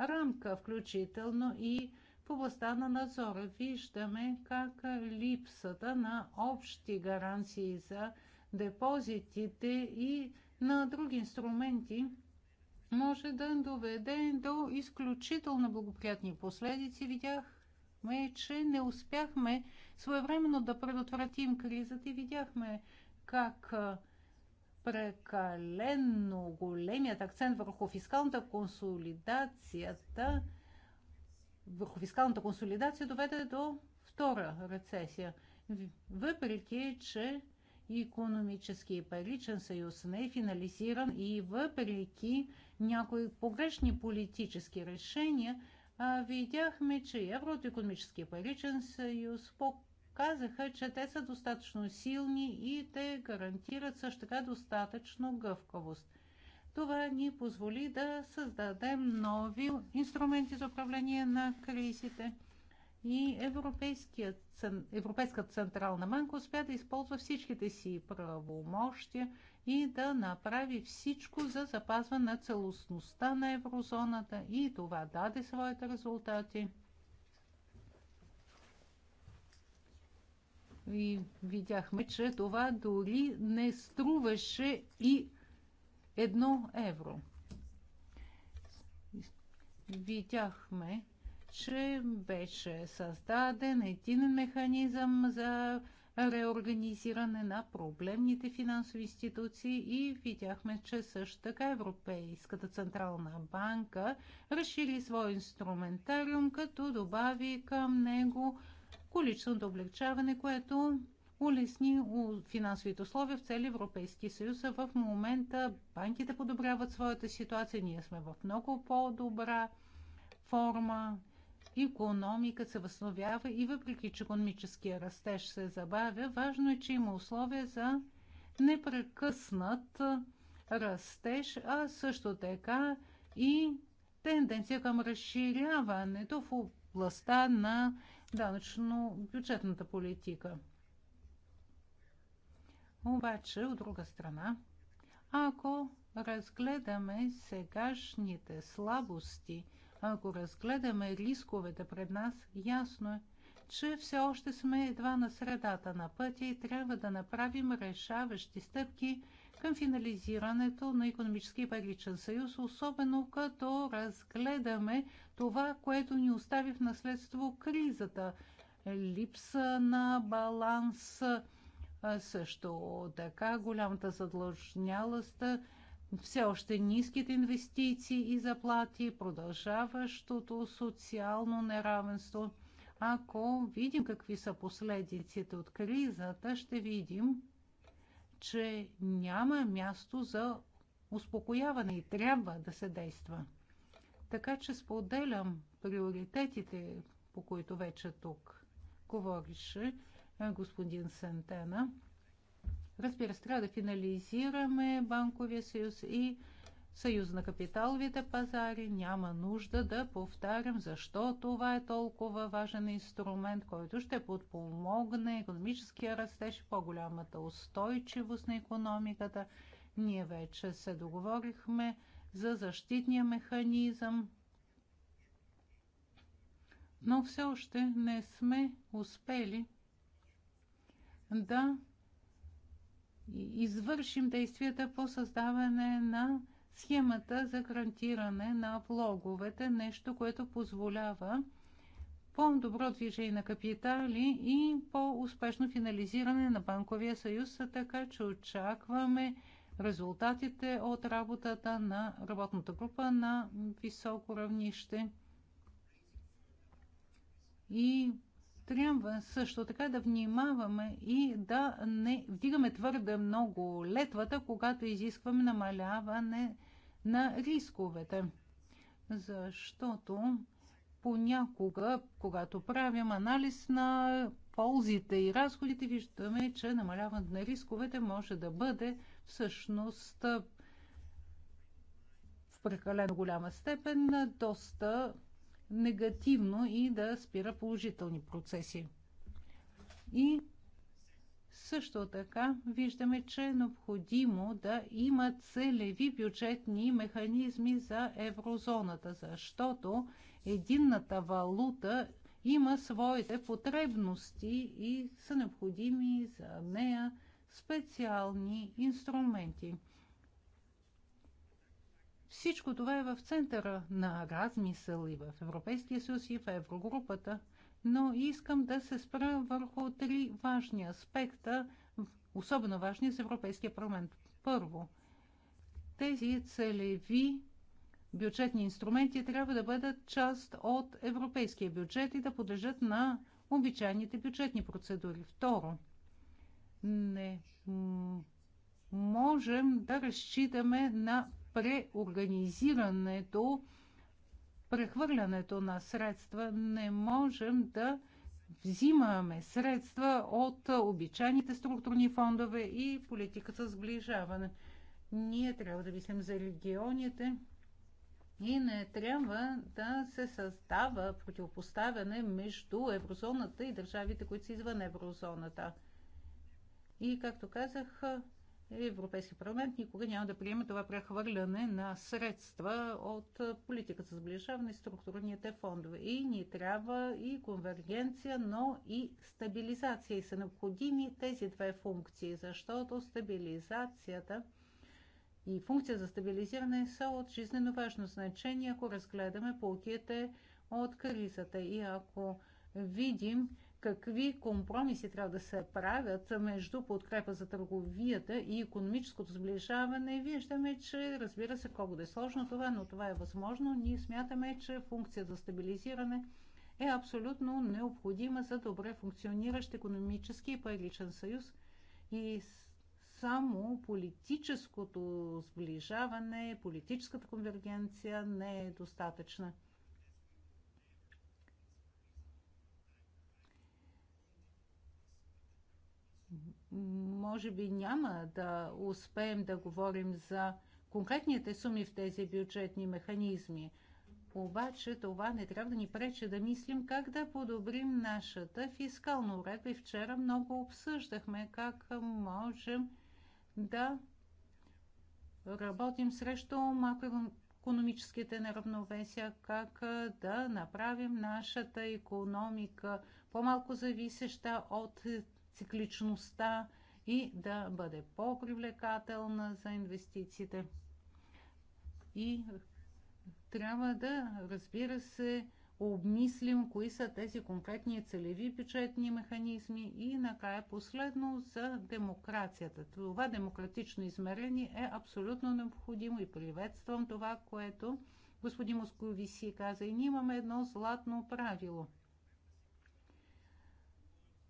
рамка, включително и в областта на надзора. Виждаме как липсата на общи гаранции за депозитите и на други инструменти може да доведе до изключително благоприятни последици. Видях е, че не успяхме своевременно да предотвратим кризата и видяхме как прекалено големият акцент върху фискалната консолидацията върху фискалната консолидация доведе до втора рецесия. Въпреки, че економически и паричен съюз не е финализиран и въпреки някои погрешни политически решения, видяхме, че Еврото економически паричен съюз показаха, че те са достатъчно силни и те гарантират също така достатъчно гъвкавост. Това ни позволи да създадем нови инструменти за управление на кризите – и Европейска централна банка успя да използва всичките си правомощия и да направи всичко за запазване на целостността на еврозоната и това даде своите резултати. И видяхме, че това дори не струваше и едно евро. Видяхме, че беше създаден един механизъм за реорганизиране на проблемните финансови институции и видяхме, че също така Европейската централна банка разшири своя инструментариум, като добави към него количеството облегчаване, което улесни финансовите условия в цели Европейски съюз. в момента банките подобряват своята ситуация, ние сме в много по-добра форма економика се възстановява и въпреки, че економическия растеж се забавя, важно е, че има условия за непрекъснат растеж, а също така и тенденция към разширяването в областта на данъчно-бюджетната политика. Обаче, от друга страна, ако разгледаме сегашните слабости – ако разгледаме рисковете пред нас, ясно е, че все още сме едва на средата на пътя и трябва да направим решаващи стъпки към финализирането на економически паричен съюз, особено като разгледаме това, което ни остави в наследство кризата. Липса на баланс, също така голямата задлъжнялост все още ниските инвестиции и заплати, продължаващото социално неравенство. Ако видим какви са последиците от кризата, ще видим, че няма място за успокояване и трябва да се действа. Така че споделям приоритетите, по които вече тук говорише господин Сентена – Разбира се, трябва да финализираме банковия съюз и съюз на капиталовите пазари. Няма нужда да повтарям защо това е толкова важен инструмент, който ще подпомогне економическия растеж, по-голямата устойчивост на економиката. Ние вече се договорихме за защитния механизъм, но все още не сме успели да извършим действията по създаване на схемата за гарантиране на влоговете, нещо, което позволява по-добро движение на капитали и по-успешно финализиране на банковия съюз, така че очакваме резултатите от работата на работната група на високо равнище. И трябва също така да внимаваме и да не вдигаме твърде много летвата, когато изискваме намаляване на рисковете. Защото понякога, когато правим анализ на ползите и разходите, виждаме, че намаляването на рисковете може да бъде всъщност в прекалено голяма степен доста негативно и да спира положителни процеси. И също така виждаме, че е необходимо да има целеви бюджетни механизми за еврозоната, защото единната валута има своите потребности и са необходими за нея специални инструменти. Всичко това е в центъра на размисъл и в Европейския съюз и в Еврогрупата, но искам да се спра върху три важни аспекта, особено важни за Европейския парламент. Първо, тези целеви бюджетни инструменти трябва да бъдат част от европейския бюджет и да подлежат на обичайните бюджетни процедури. Второ, не можем да разчитаме на преорганизирането, прехвърлянето на средства, не можем да взимаме средства от обичайните структурни фондове и политиката сближаване. Ние трябва да мислим за регионите и не трябва да се създава противопоставяне между еврозоната и държавите, които са извън еврозоната. И, както казах, Европейския парламент никога няма да приеме това прехвърляне на средства от политиката за сближаване и структурните фондове. И ни трябва и конвергенция, но и стабилизация. И са необходими тези две функции, защото стабилизацията и функция за стабилизиране са от жизнено важно значение, ако разгледаме полките от кризата и ако видим, какви компромиси трябва да се правят между подкрепа за търговията и економическото сближаване. Виждаме, че разбира се колко да е сложно това, но това е възможно. Ние смятаме, че функция за стабилизиране е абсолютно необходима за добре функциониращ економически и паричен съюз и само политическото сближаване, политическата конвергенция не е достатъчна. може би няма да успеем да говорим за конкретните суми в тези бюджетни механизми. Обаче това не трябва да ни пречи да мислим как да подобрим нашата фискална уредба. И вчера много обсъждахме как можем да работим срещу макроекономическите неравновесия, как да направим нашата економика по-малко зависеща от цикличността и да бъде по-привлекателна за инвестициите. И трябва да, разбира се, обмислим кои са тези конкретни целеви бюджетни механизми и накрая последно за демокрацията. Това демократично измерение е абсолютно необходимо и приветствам това, което господин Московиси каза. И ние имаме едно златно правило.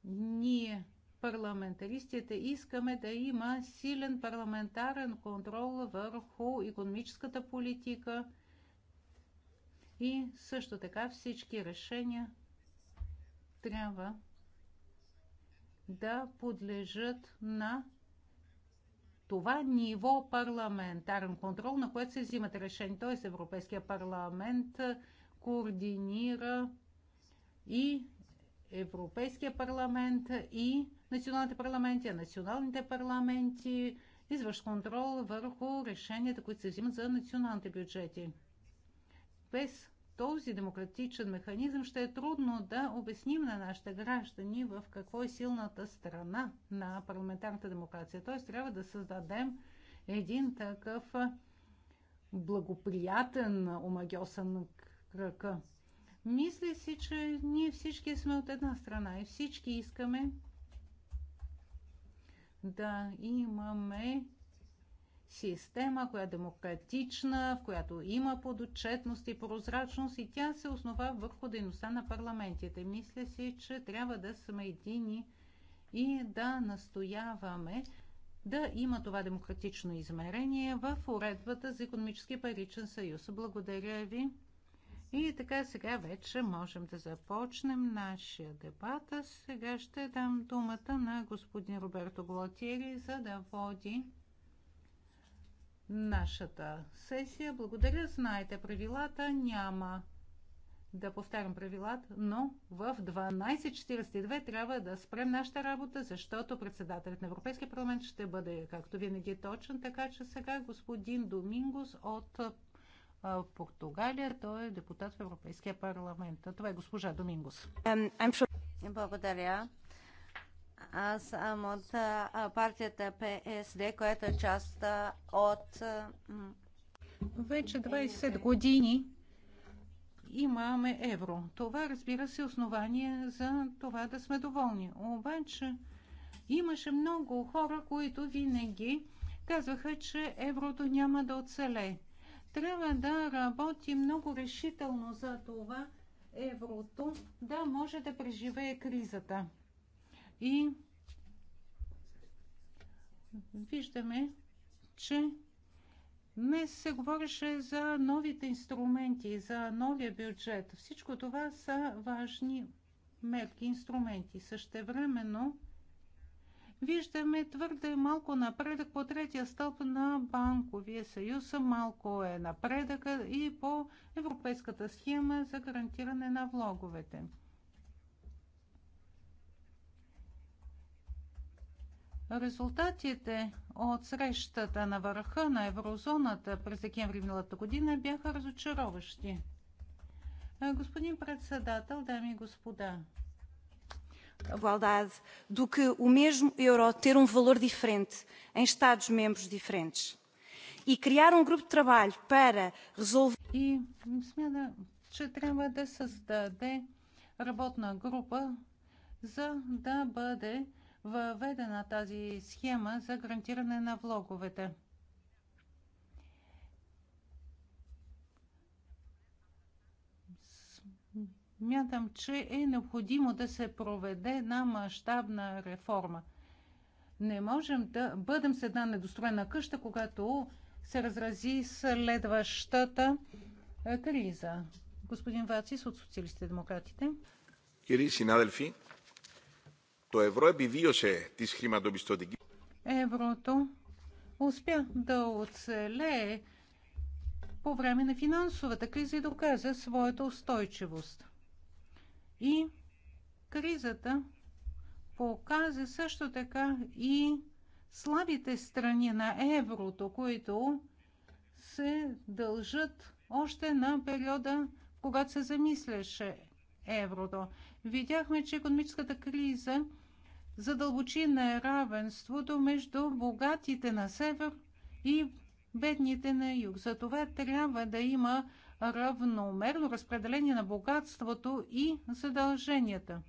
Ние парламентаристите искаме да има силен парламентарен контрол върху економическата политика и също така всички решения трябва да подлежат на това ниво парламентарен контрол, на което се взимат решения. Т.е. Европейския парламент координира и Европейския парламент и националните парламенти, а националните парламенти извършва контрол върху решенията, които се взимат за националните бюджети. Без този демократичен механизъм ще е трудно да обясним на нашите граждани в какво е силната страна на парламентарната демокрация. Т.е. трябва да създадем един такъв благоприятен омагиосен кръг. Мисля си, че ние всички сме от една страна и всички искаме да имаме система, която е демократична, в която има подотчетност и прозрачност и тя се основа върху дейността на парламентите. Мисля си, че трябва да сме едини и да настояваме да има това демократично измерение в уредбата за економически паричен съюз. Благодаря ви. И така сега вече можем да започнем нашия дебат. Сега ще дам думата на господин Роберто Глотиери, за да води нашата сесия. Благодаря, знаете правилата, няма да повтарям правилата, но в 12.42 трябва да спрем нашата работа, защото председателят на Европейския парламент ще бъде, както винаги, точен, така че сега господин Домингос от в Португалия. Той е депутат в Европейския парламент. А това е госпожа Домингос. Благодаря. Аз съм от партията ПСД, която е част от... Вече 20 години имаме евро. Това, разбира се, е основание за това да сме доволни. Обаче имаше много хора, които винаги казваха, че еврото няма да оцелее. Трябва да работи много решително за това еврото да може да преживее кризата. И виждаме, че днес се говореше за новите инструменти, за новия бюджет. Всичко това са важни мерки, инструменти. Същевременно виждаме твърде малко напредък по третия стълб на банковия съюз, малко е напредък и по европейската схема за гарантиране на влоговете. Резултатите от срещата на върха на еврозоната през декември миналата година бяха разочароващи. Господин председател, дами и господа, a igualdade, do que o mesmo euro ter um valor diferente em Estados-membros diferentes. И criar um grupo de trabalho para resolver. И смята, че трябва да създаде работна група, за да бъде въведена тази схема за гарантиране на влоговете. мятам, че е необходимо да се проведе една мащабна реформа. Не можем да бъдем с една недостроена къща, когато се разрази следващата е, криза. Господин Вацис от Социалистите демократите. Кири синадελфи, το ευρώ επιβίωσε της χρηματοπιστωτικής... Еврото успя да оцелее по време на финансовата криза и доказа своята устойчивост. И кризата показа също така и слабите страни на еврото, които се дължат още на периода, когато се замисляше еврото. Видяхме, че економическата криза задълбочи неравенството между богатите на север и бедните на юг. Затова трябва да има равномерно разпределение на богатството и задълженията.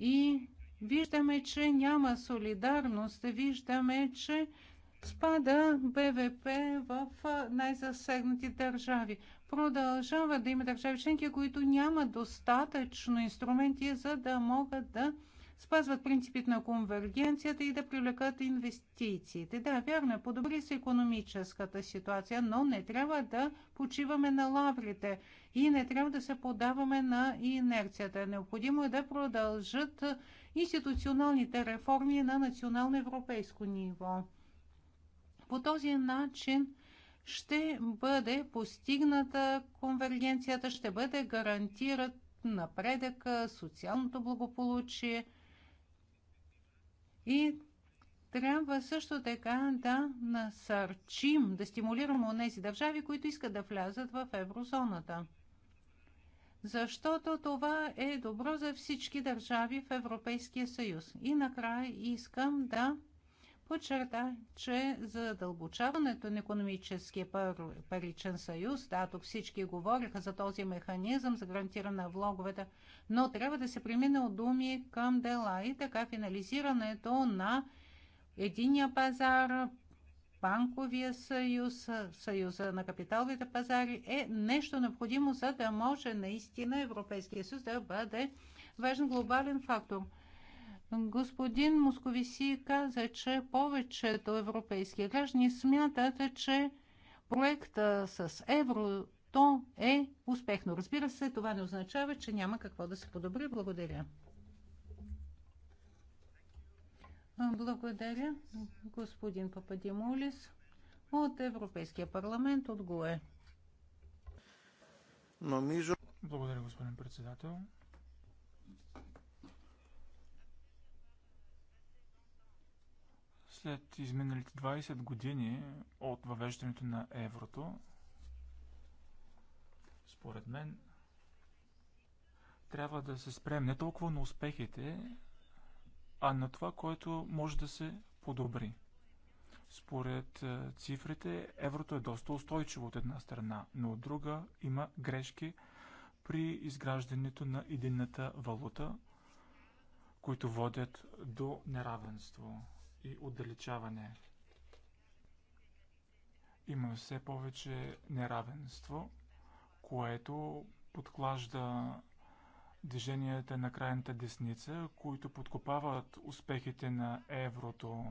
И виждаме, че няма солидарност, виждаме, че спада БВП в най-засегнати държави. Продължава да има държави членки, които нямат достатъчно инструменти, за да могат да спазват принципите на конвергенцията и да привлекат инвестициите. Да, вярно, е, подобри се економическата ситуация, но не трябва да почиваме на лаврите и не трябва да се подаваме на инерцията. Необходимо е да продължат институционалните реформи на национално-европейско ниво. По този начин ще бъде постигната конвергенцията, ще бъде гарантират напредък, социалното благополучие – и трябва също така да насърчим, да стимулираме тези държави, които искат да влязат в еврозоната. Защото това е добро за всички държави в Европейския съюз. И накрая искам да подчерта, че задълбочаването на економическия паричен съюз, да, тук всички говориха за този механизъм за гарантиране на влоговете, но трябва да се премине от думи към дела и така финализирането на единия пазар, банковия съюз, съюза на капиталовите пазари е нещо необходимо, за да може наистина Европейския съюз да бъде важен глобален фактор – Господин Московиси каза, че повечето европейски граждани смятат, че проекта с еврото е успехно. Разбира се, това не означава, че няма какво да се подобри. Благодаря. Благодаря, господин Пападимолис от Европейския парламент от ГУЕ. Благодаря, господин председател. След изминалите 20 години от въвеждането на еврото, според мен, трябва да се спрем не толкова на успехите, а на това, което може да се подобри. Според е, цифрите, еврото е доста устойчиво от една страна, но от друга има грешки при изграждането на единната валута, които водят до неравенство и отдалечаване. Има все повече неравенство, което подклажда движенията на крайната десница, които подкопават успехите на еврото.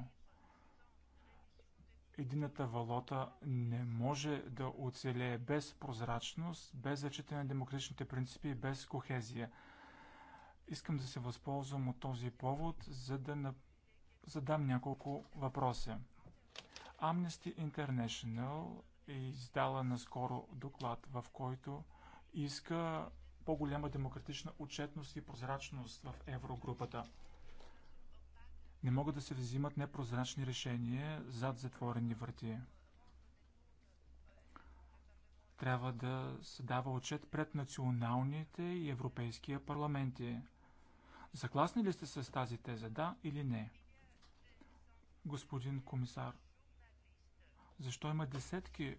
Едината валота не може да оцелее без прозрачност, без зачитане на демократичните принципи и без кохезия. Искам да се възползвам от този повод, за да задам няколко въпроса. Amnesty International е издала наскоро доклад, в който иска по-голяма демократична отчетност и прозрачност в еврогрупата. Не могат да се взимат непрозрачни решения зад затворени врати. Трябва да се дава отчет пред националните и европейския парламенти. Съгласни ли сте с тази теза, да или не? господин комисар? Защо има десетки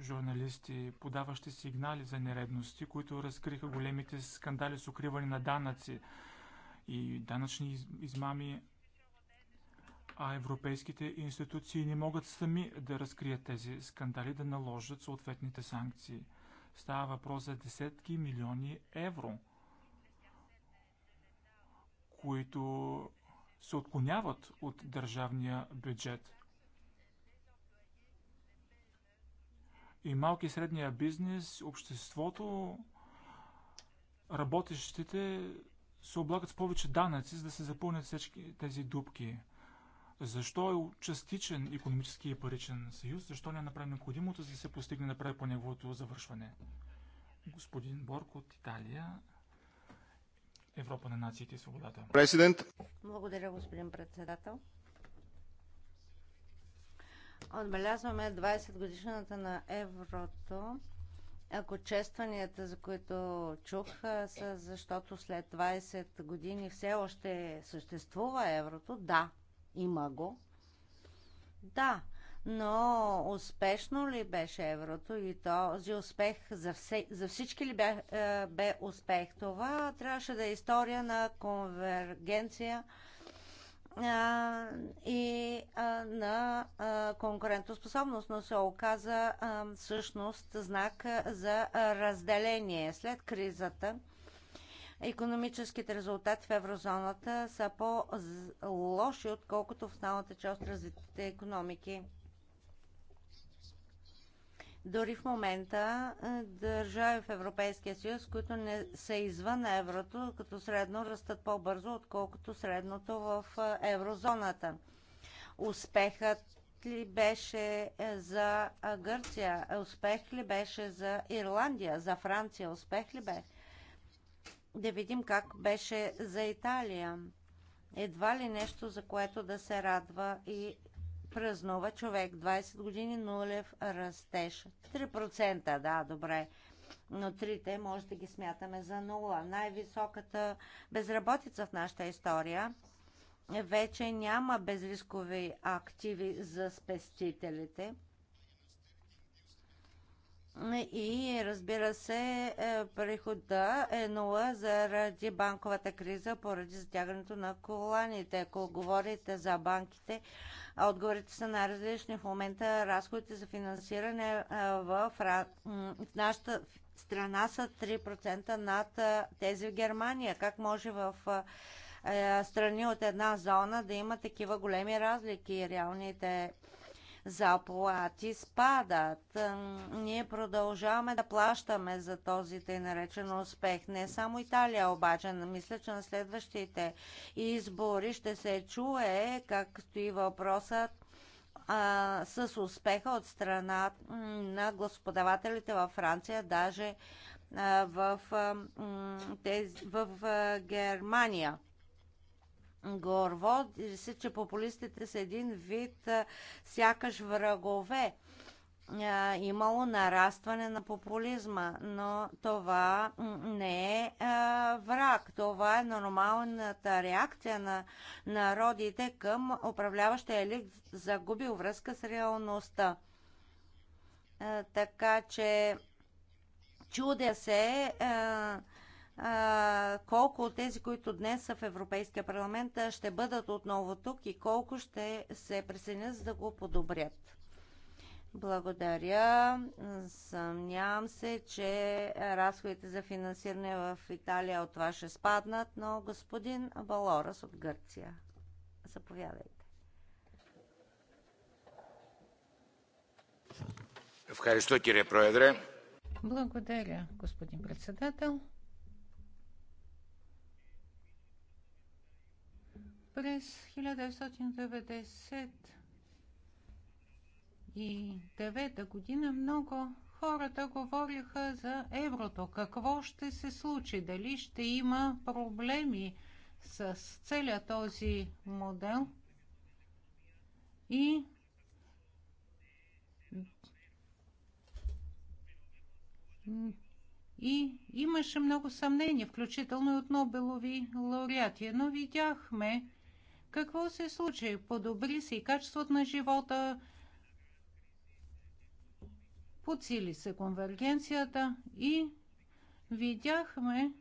журналисти, подаващи сигнали за нередности, които разкриха големите скандали с укриване на данъци и данъчни измами, а европейските институции не могат сами да разкрият тези скандали, да наложат съответните санкции. Става въпрос за десетки милиони евро, които се отклоняват от държавния бюджет. И малки и средния бизнес, обществото, работещите се облагат с повече данъци, за да се запълнят всички тези дупки. Защо е частичен економически и паричен съюз? Защо не е направи необходимото, за да се постигне напред по неговото завършване? Господин Борг от Италия Европа на нациите и свободата. Президент. Благодаря, господин председател. Отбелязваме 20 годишната на еврото. Ако честванията, за които чух, са защото след 20 години все още съществува еврото, да, има го. Да, но успешно ли беше еврото и този успех за, все, за всички ли бе, е, бе успех? Това трябваше да е история на конвергенция а, е, и а, е, на а, конкурентоспособност, но се оказа а, всъщност знак за разделение след кризата. Економическите резултати в еврозоната са по-лоши, отколкото в останалата част от развитите економики. Дори в момента държави в Европейския съюз, които не са извън еврото, като средно растат по-бързо, отколкото средното в еврозоната. Успехът ли беше е, за Гърция? Успех ли беше за Ирландия? За Франция? Успех ли бе? Да видим как беше за Италия. Едва ли нещо, за което да се радва и празнува човек 20 години нулев растеж. 3% да, добре. Но трите може да ги смятаме за нула. Най-високата безработица в нашата история вече няма безрискови активи за спестителите. И разбира се, е, прихода е нула заради банковата криза, поради затягането на коланите. Ако говорите за банките, Отговорите са най-различни. В момента разходите за финансиране в, в нашата страна са 3% над тези в Германия. Как може в е, страни от една зона да има такива големи разлики? Реалните заплати спадат. Ние продължаваме да плащаме за този тъй наречен успех. Не само Италия обаче. Мисля, че на следващите избори ще се чуе как стои въпросът а, с успеха от страна на господавателите във Франция, даже а, в, а, тези, в а, Германия. Горво, се, че популистите са един вид а, сякаш врагове. А, имало нарастване на популизма, но това не е а, враг. Това е нормалната реакция на народите към управляващия елит, загубил връзка с реалността. А, така че чудя се. А, колко от тези, които днес са в Европейския парламент, ще бъдат отново тук и колко ще се присъединят, за да го подобрят. Благодаря. Съмнявам се, че разходите за финансиране в Италия от това ще спаднат, но господин Балорас от Гърция. Заповядайте. Благодаря, господин председател. През 1990 година много хората говориха за еврото. Какво ще се случи? Дали ще има проблеми с целия този модел? И и имаше много съмнения, включително и от Нобелови лауреати, но видяхме, какво се случи? Подобри се и качеството на живота, подсили се конвергенцията и видяхме,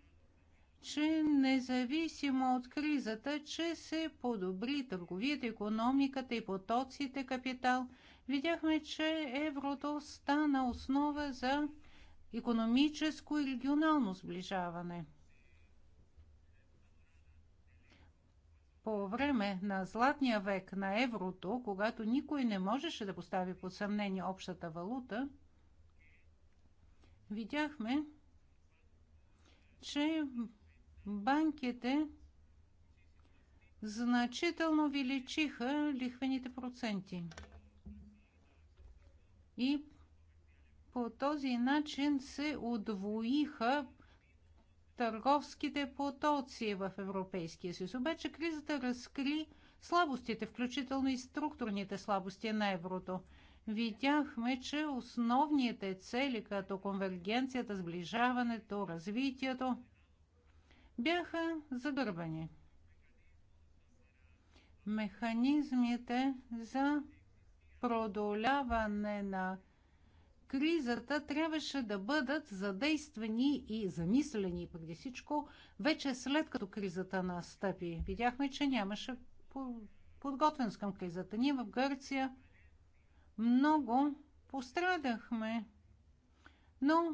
че независимо от кризата, че се подобри търговията, економиката и потоците капитал, видяхме, че еврото стана основа за економическо и регионално сближаване – по време на златния век на еврото, когато никой не можеше да постави под съмнение общата валута, видяхме, че банките значително увеличиха лихвените проценти. И по този начин се удвоиха търговските потоци в Европейския съюз. Обаче кризата разкри слабостите, включително и структурните слабости на еврото. Видяхме, че основните цели, като конвергенцията, сближаването, развитието, бяха загърбани. Механизмите за продоляване на кризата трябваше да бъдат задействани и замислени преди всичко вече след като кризата настъпи. Видяхме, че нямаше подготвен към кризата. Ние в Гърция много пострадахме, но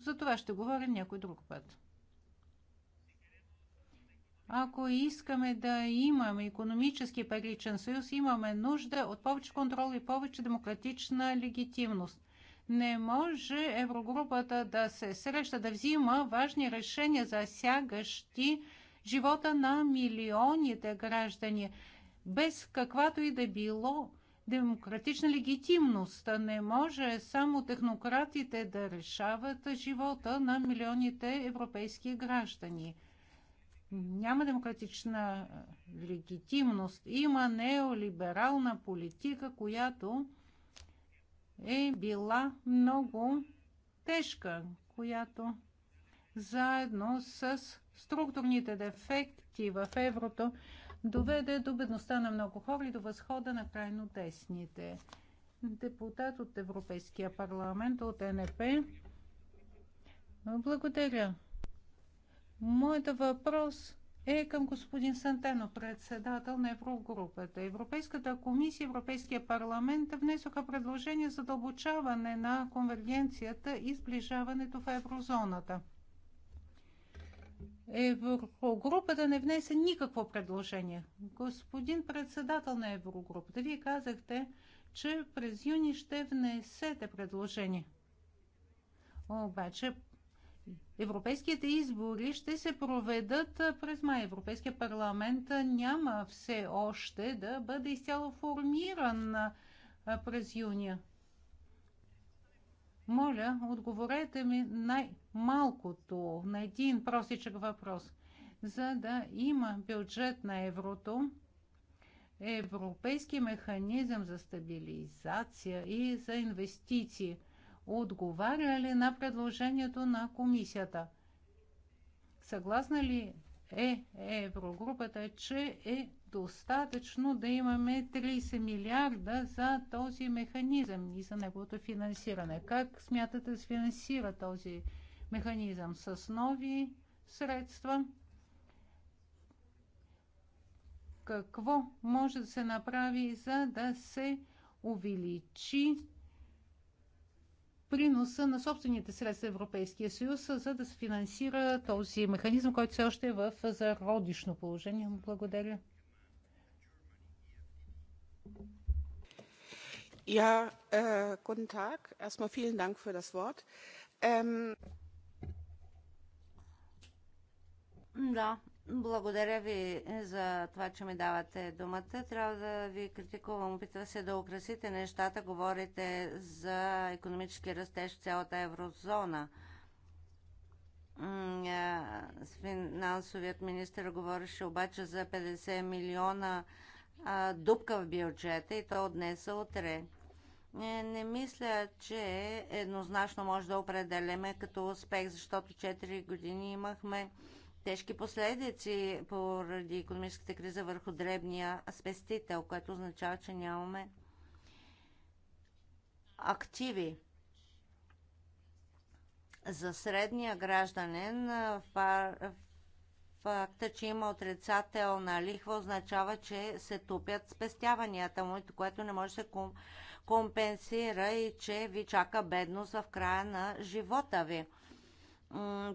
за това ще говорим някой друг път. Ако искаме да имаме економически паричен съюз, имаме нужда от повече контрол и повече демократична легитимност. Не може Еврогрупата да се среща, да взима важни решения, засягащи живота на милионите граждани, без каквато и да било демократична легитимност. Не може само технократите да решават живота на милионите европейски граждани. Няма демократична легитимност. Има неолиберална политика, която е била много тежка, която заедно с структурните дефекти в еврото доведе до бедността на много хора и до възхода на крайно десните. Депутат от Европейския парламент от НП. Благодаря. Моят въпрос е към господин Сантено, председател на Еврогрупата. Европейската комисия и Европейския парламент внесоха предложение за дълбочаване на конвергенцията и сближаването в еврозоната. Еврогрупата не внесе никакво предложение. Господин председател на Еврогрупата, вие казахте, че през юни ще внесете предложение. Обаче Европейските избори ще се проведат през май. Европейския парламент няма все още да бъде изцяло формиран през юния. Моля, отговорете ми най-малкото на един просичък въпрос. За да има бюджет на еврото, европейски механизъм за стабилизация и за инвестиции – отговаря ли на предложението на комисията. Съгласна ли е Еврогрупата, че е достатъчно да имаме 30 милиарда за този механизъм и за неговото финансиране. Как смятате да финансира този механизъм? С нови средства? Какво може да се направи, за да се увеличи приноса на собствените средства Европейския съюз, за да се финансира този механизъм, който все още е в зародишно положение. Благодаря. Ja, äh, guten Tag. Erstmal vielen Dank für das Wort. Ähm... Ja, благодаря ви за това, че ми давате думата. Трябва да ви критикувам. Опитва се да украсите нещата. Говорите за економически растеж в цялата еврозона. Финансовият министр говореше обаче за 50 милиона дупка в бюджета и то днес утре. Не, не мисля, че еднозначно може да определяме като успех, защото 4 години имахме тежки последици поради економическата криза върху дребния спестител, което означава, че нямаме активи. За средния гражданин факта, че има отрицателна лихва, означава, че се тупят спестяванията му, което не може да се компенсира и че ви чака бедност в края на живота ви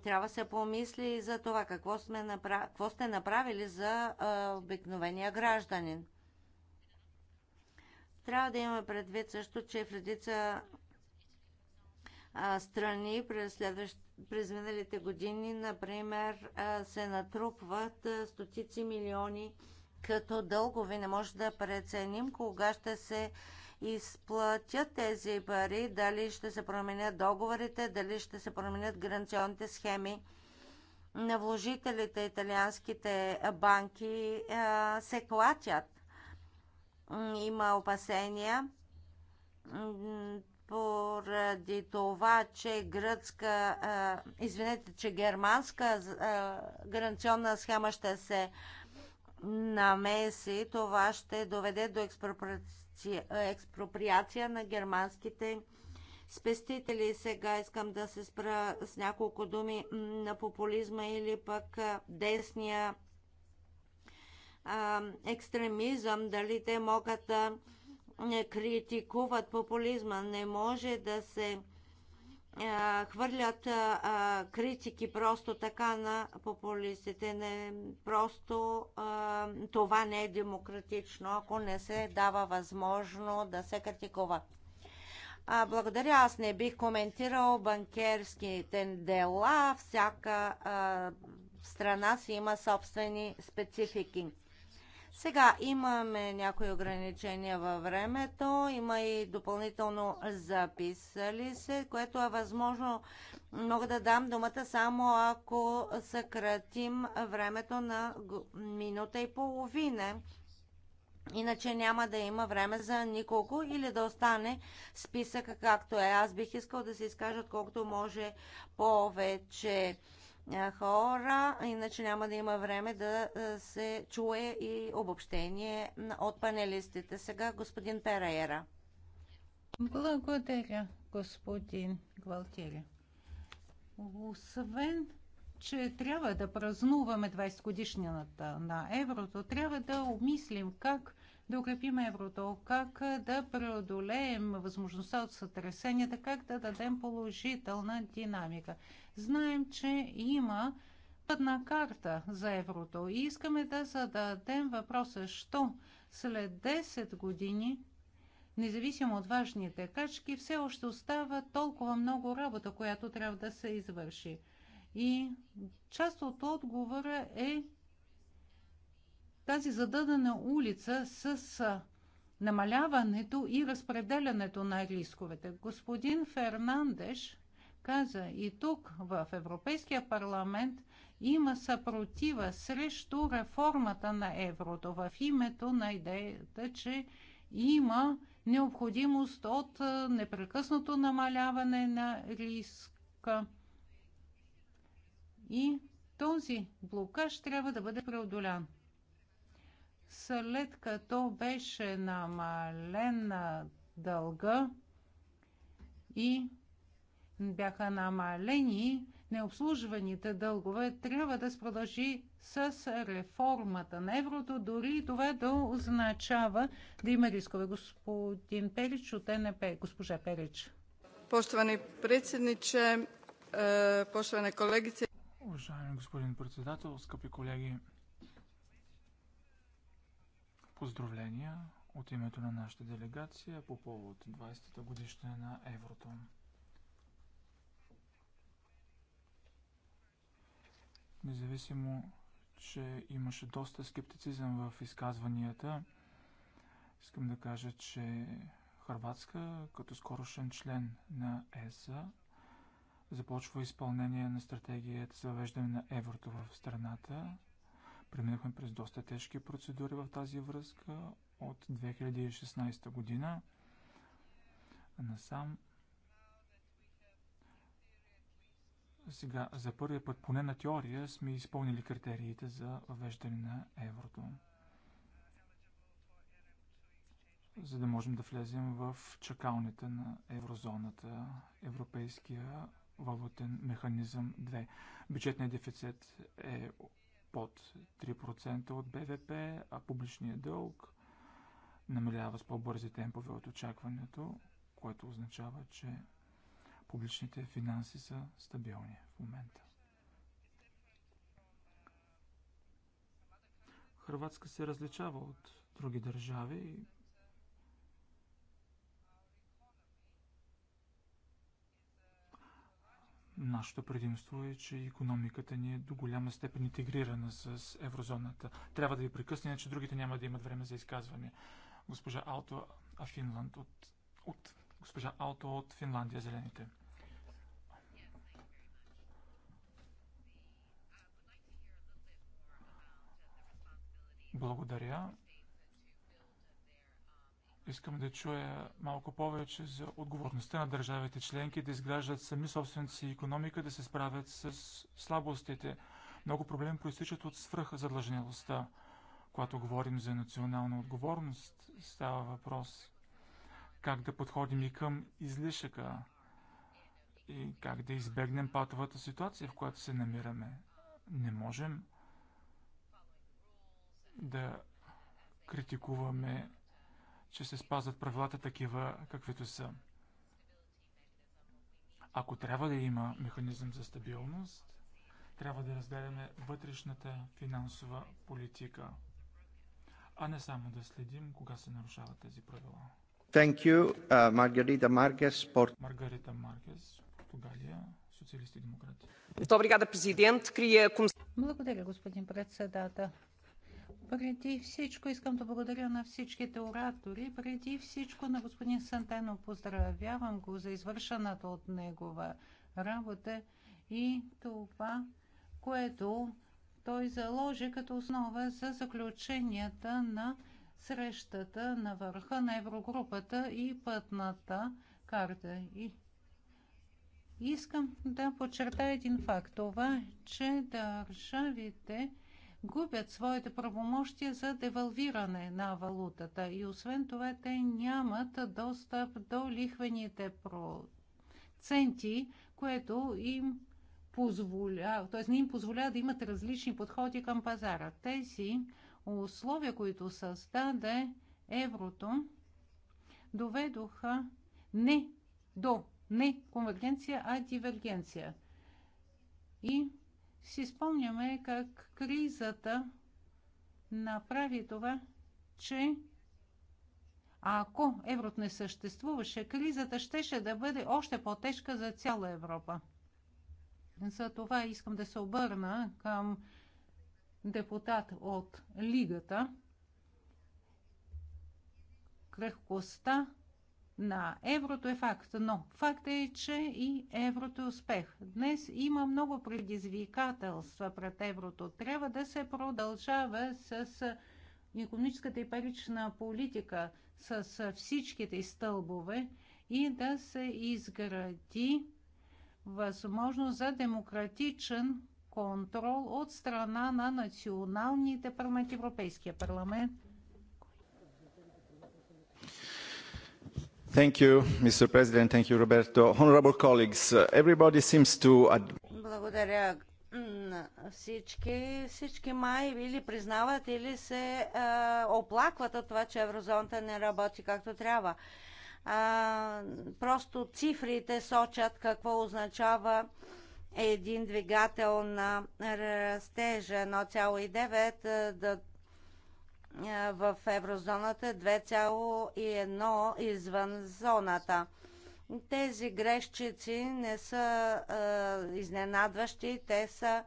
трябва да се помисли и за това какво, сме направ... какво сте направили за а, обикновения гражданин. Трябва да имаме предвид също, че в редица а, страни през, следващ... през миналите години, например, а, се натрупват а, стотици милиони като дългови. Не може да преценим кога ще се а, изплатят тези пари, дали ще се променят договорите, дали ще се променят гаранционните схеми на вложителите, италианските банки се клатят. Има опасения поради това, че гръцка, извинете, че германска гаранционна схема ще се намеси, това ще доведе до експроприация експроприация на германските спестители. Сега искам да се спра с няколко думи на популизма или пък десния екстремизъм, дали те могат да критикуват популизма. Не може да се е, хвърлят а, е, е, критики просто така на популистите. Не, просто а, това не е демократично, ако не се дава възможно да се критикува. А, благодаря, аз не бих коментирал банкерските дела. Всяка а, страна си има собствени специфики. Сега имаме някои ограничения във времето, има и допълнително записали се, което е възможно. Мога да дам думата само ако съкратим времето на минута и половина. Иначе няма да има време за никого или да остане списъка както е. Аз бих искал да се изкажат колкото може повече хора, иначе няма да има време да се чуе и обобщение от панелистите. Сега господин Перейра. Благодаря, господин Гвалтери. Освен, че трябва да празнуваме 20 годишнината на еврото, трябва да обмислим как да укрепим еврото, как да преодолеем възможността от сътресенията, как да дадем положителна динамика. Знаем, че има пътна карта за еврото и искаме да зададем въпроса, що след 10 години независимо от важните качки, все още остава толкова много работа, която трябва да се извърши. И част от отговора е тази зададена улица с намаляването и разпределянето на рисковете. Господин Фернандеш каза и тук в Европейския парламент има съпротива срещу реформата на еврото в името на идеята, че има необходимост от непрекъснато намаляване на риска. И този блокаж трябва да бъде преодолян след като беше намален дълга и бяха намалени необслужваните дългове, трябва да продължи с реформата на еврото, дори това да означава да има рискове. Господин Перич от НП, госпожа Перич. Поштовани председниче, е, поштовани колегите, Уважаеми господин председател, скъпи колеги, Поздравления от името на нашата делегация по повод 20-та годишна на еврото. Независимо, че имаше доста скептицизъм в изказванията, искам да кажа, че Харватска, като скорошен член на ЕСА, започва изпълнение на стратегията за въвеждане на еврото в страната Преминахме през доста тежки процедури в тази връзка от 2016 година насам. Сега, за първия път, поне на теория, сме изпълнили критериите за въвеждане на еврото. За да можем да влезем в чакалните на еврозоната, Европейския валутен механизъм 2. Бюджетният дефицит е под 3% от БВП, а публичният дълг намалява с по-бързи темпове от очакването, което означава, че публичните финанси са стабилни в момента. Хрватска се различава от други държави Нашето предимство е, че економиката ни е до голяма степен интегрирана с еврозоната. Трябва да ви прекъсна, иначе другите няма да имат време за изказване. Госпожа Алто а Финланд от, от госпожа Алто от Финландия Зелените. Благодаря. Искам да чуя малко повече за отговорността на държавите членки да изграждат сами собствената си економика, да се справят с слабостите. Много проблеми проистичат от свръхзадлъжнялостта. Когато говорим за национална отговорност, става въпрос как да подходим и към излишъка и как да избегнем патовата ситуация, в която се намираме. Не можем да критикуваме че се спазват правилата такива, каквито са. Ако трябва да има механизъм за стабилност, трябва да разгледаме вътрешната финансова политика, а не само да следим кога се нарушават тези правила. Thank you, uh, Margarita Marques, por... Margarita Португалия, социалисти и демократи. Благодаря, господин председател. Преди всичко искам да благодаря на всичките оратори. Преди всичко на господин Сантено поздравявам го за извършената от негова работа и това, което той заложи като основа за заключенията на срещата на върха на Еврогрупата и пътната карта. И искам да подчертая един факт. Това, че държавите губят своите правомощия за девалвиране на валутата и освен това те нямат достъп до лихвените проценти, което им позволява, т.е. не им позволява да имат различни подходи към пазара. Тези условия, които създаде еврото, доведоха не до не конвергенция, а дивергенция. И си спомняме как кризата направи това, че ако еврото не съществуваше, кризата щеше да бъде още по-тежка за цяла Европа. За това искам да се обърна към депутат от Лигата. Крехкостта на еврото е факт, но факт е, че и еврото е успех. Днес има много предизвикателства пред еврото. Трябва да се продължава с економическата и парична политика, с всичките стълбове и да се изгради възможност за демократичен контрол от страна на националните парламент, Европейския парламент. Mr. President. Thank you, Roberto. Honorable colleagues, uh, everybody seems to... Благодаря на всички. Всички май или признават, или се оплакват от това, че еврозоната не работи както трябва. А, просто цифрите сочат какво означава един двигател на растежа 1,9 до в еврозоната, 2,1 извън зоната. Тези грешчици не са е, изненадващи, те са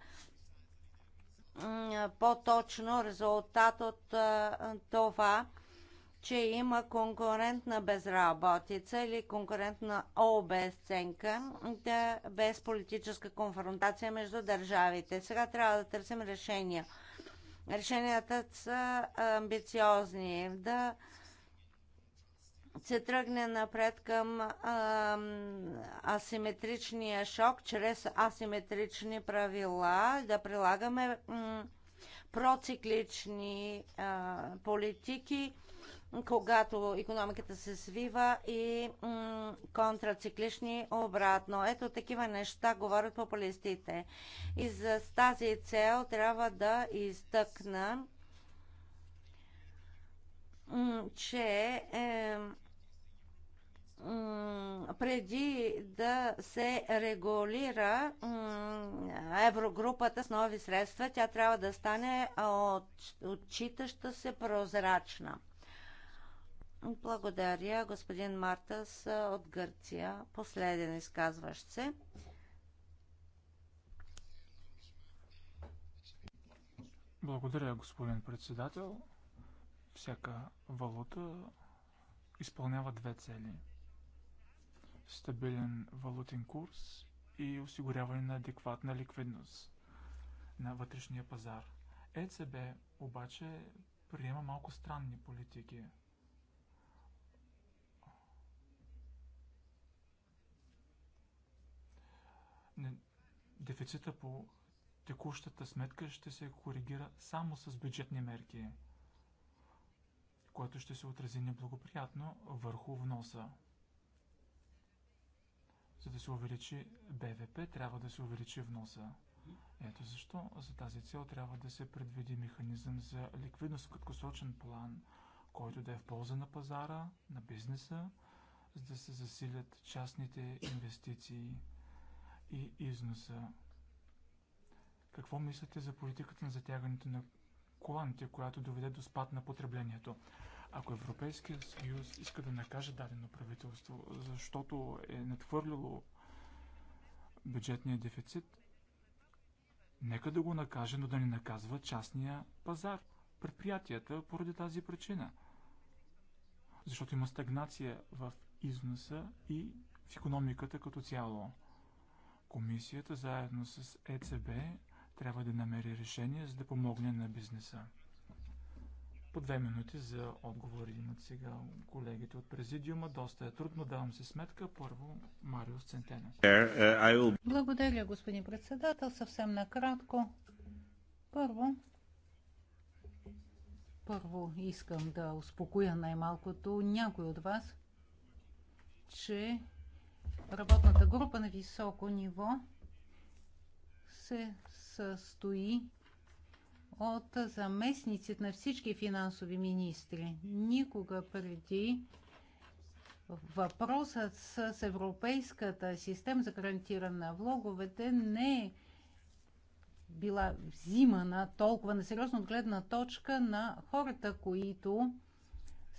е, по-точно резултат от е, това, че има конкурентна безработица или конкурентна обесценка да, без политическа конфронтация между държавите. Сега трябва да търсим решения решенията са амбициозни. Да се тръгне напред към а, асиметричния шок чрез асиметрични правила, да прилагаме проциклични а, политики когато економиката се свива и контрациклични обратно. Ето такива неща говорят популистите. И за тази цел трябва да изтъкна, че е, преди да се регулира еврогрупата с нови средства, тя трябва да стане отчитаща се прозрачна. Благодаря, господин Мартас от Гърция, последен изказващ се. Благодаря, господин председател. Всяка валута изпълнява две цели. Стабилен валутен курс и осигуряване на адекватна ликвидност на вътрешния пазар. ЕЦБ обаче приема малко странни политики – дефицита по текущата сметка ще се коригира само с бюджетни мерки, което ще се отрази неблагоприятно върху вноса. За да се увеличи БВП, трябва да се увеличи вноса. Ето защо за тази цел трябва да се предвиди механизъм за ликвидност в краткосрочен план, който да е в полза на пазара, на бизнеса, за да се засилят частните инвестиции и износа. Какво мислите за политиката на затягането на коланите, която доведе до спад на потреблението? Ако Европейския съюз иска да накаже дадено правителство, защото е надхвърлило бюджетния дефицит, нека да го накаже, но да не наказва частния пазар, предприятията поради тази причина. Защото има стагнация в износа и в економиката като цяло. Комисията заедно с ЕЦБ трябва да намери решение, за да помогне на бизнеса. По две минути за отговори имат сега колегите от Президиума. Доста е трудно, давам си сметка. Първо Мариус Центена. Е, е, Благодаря, господин председател. Съвсем накратко. Първо, първо искам да успокоя най-малкото някой от вас, че работната група на високо ниво се състои от заместниците на всички финансови министри. Никога преди въпросът с Европейската система за гарантиране на влоговете не е била взимана толкова на сериозно гледна точка на хората, които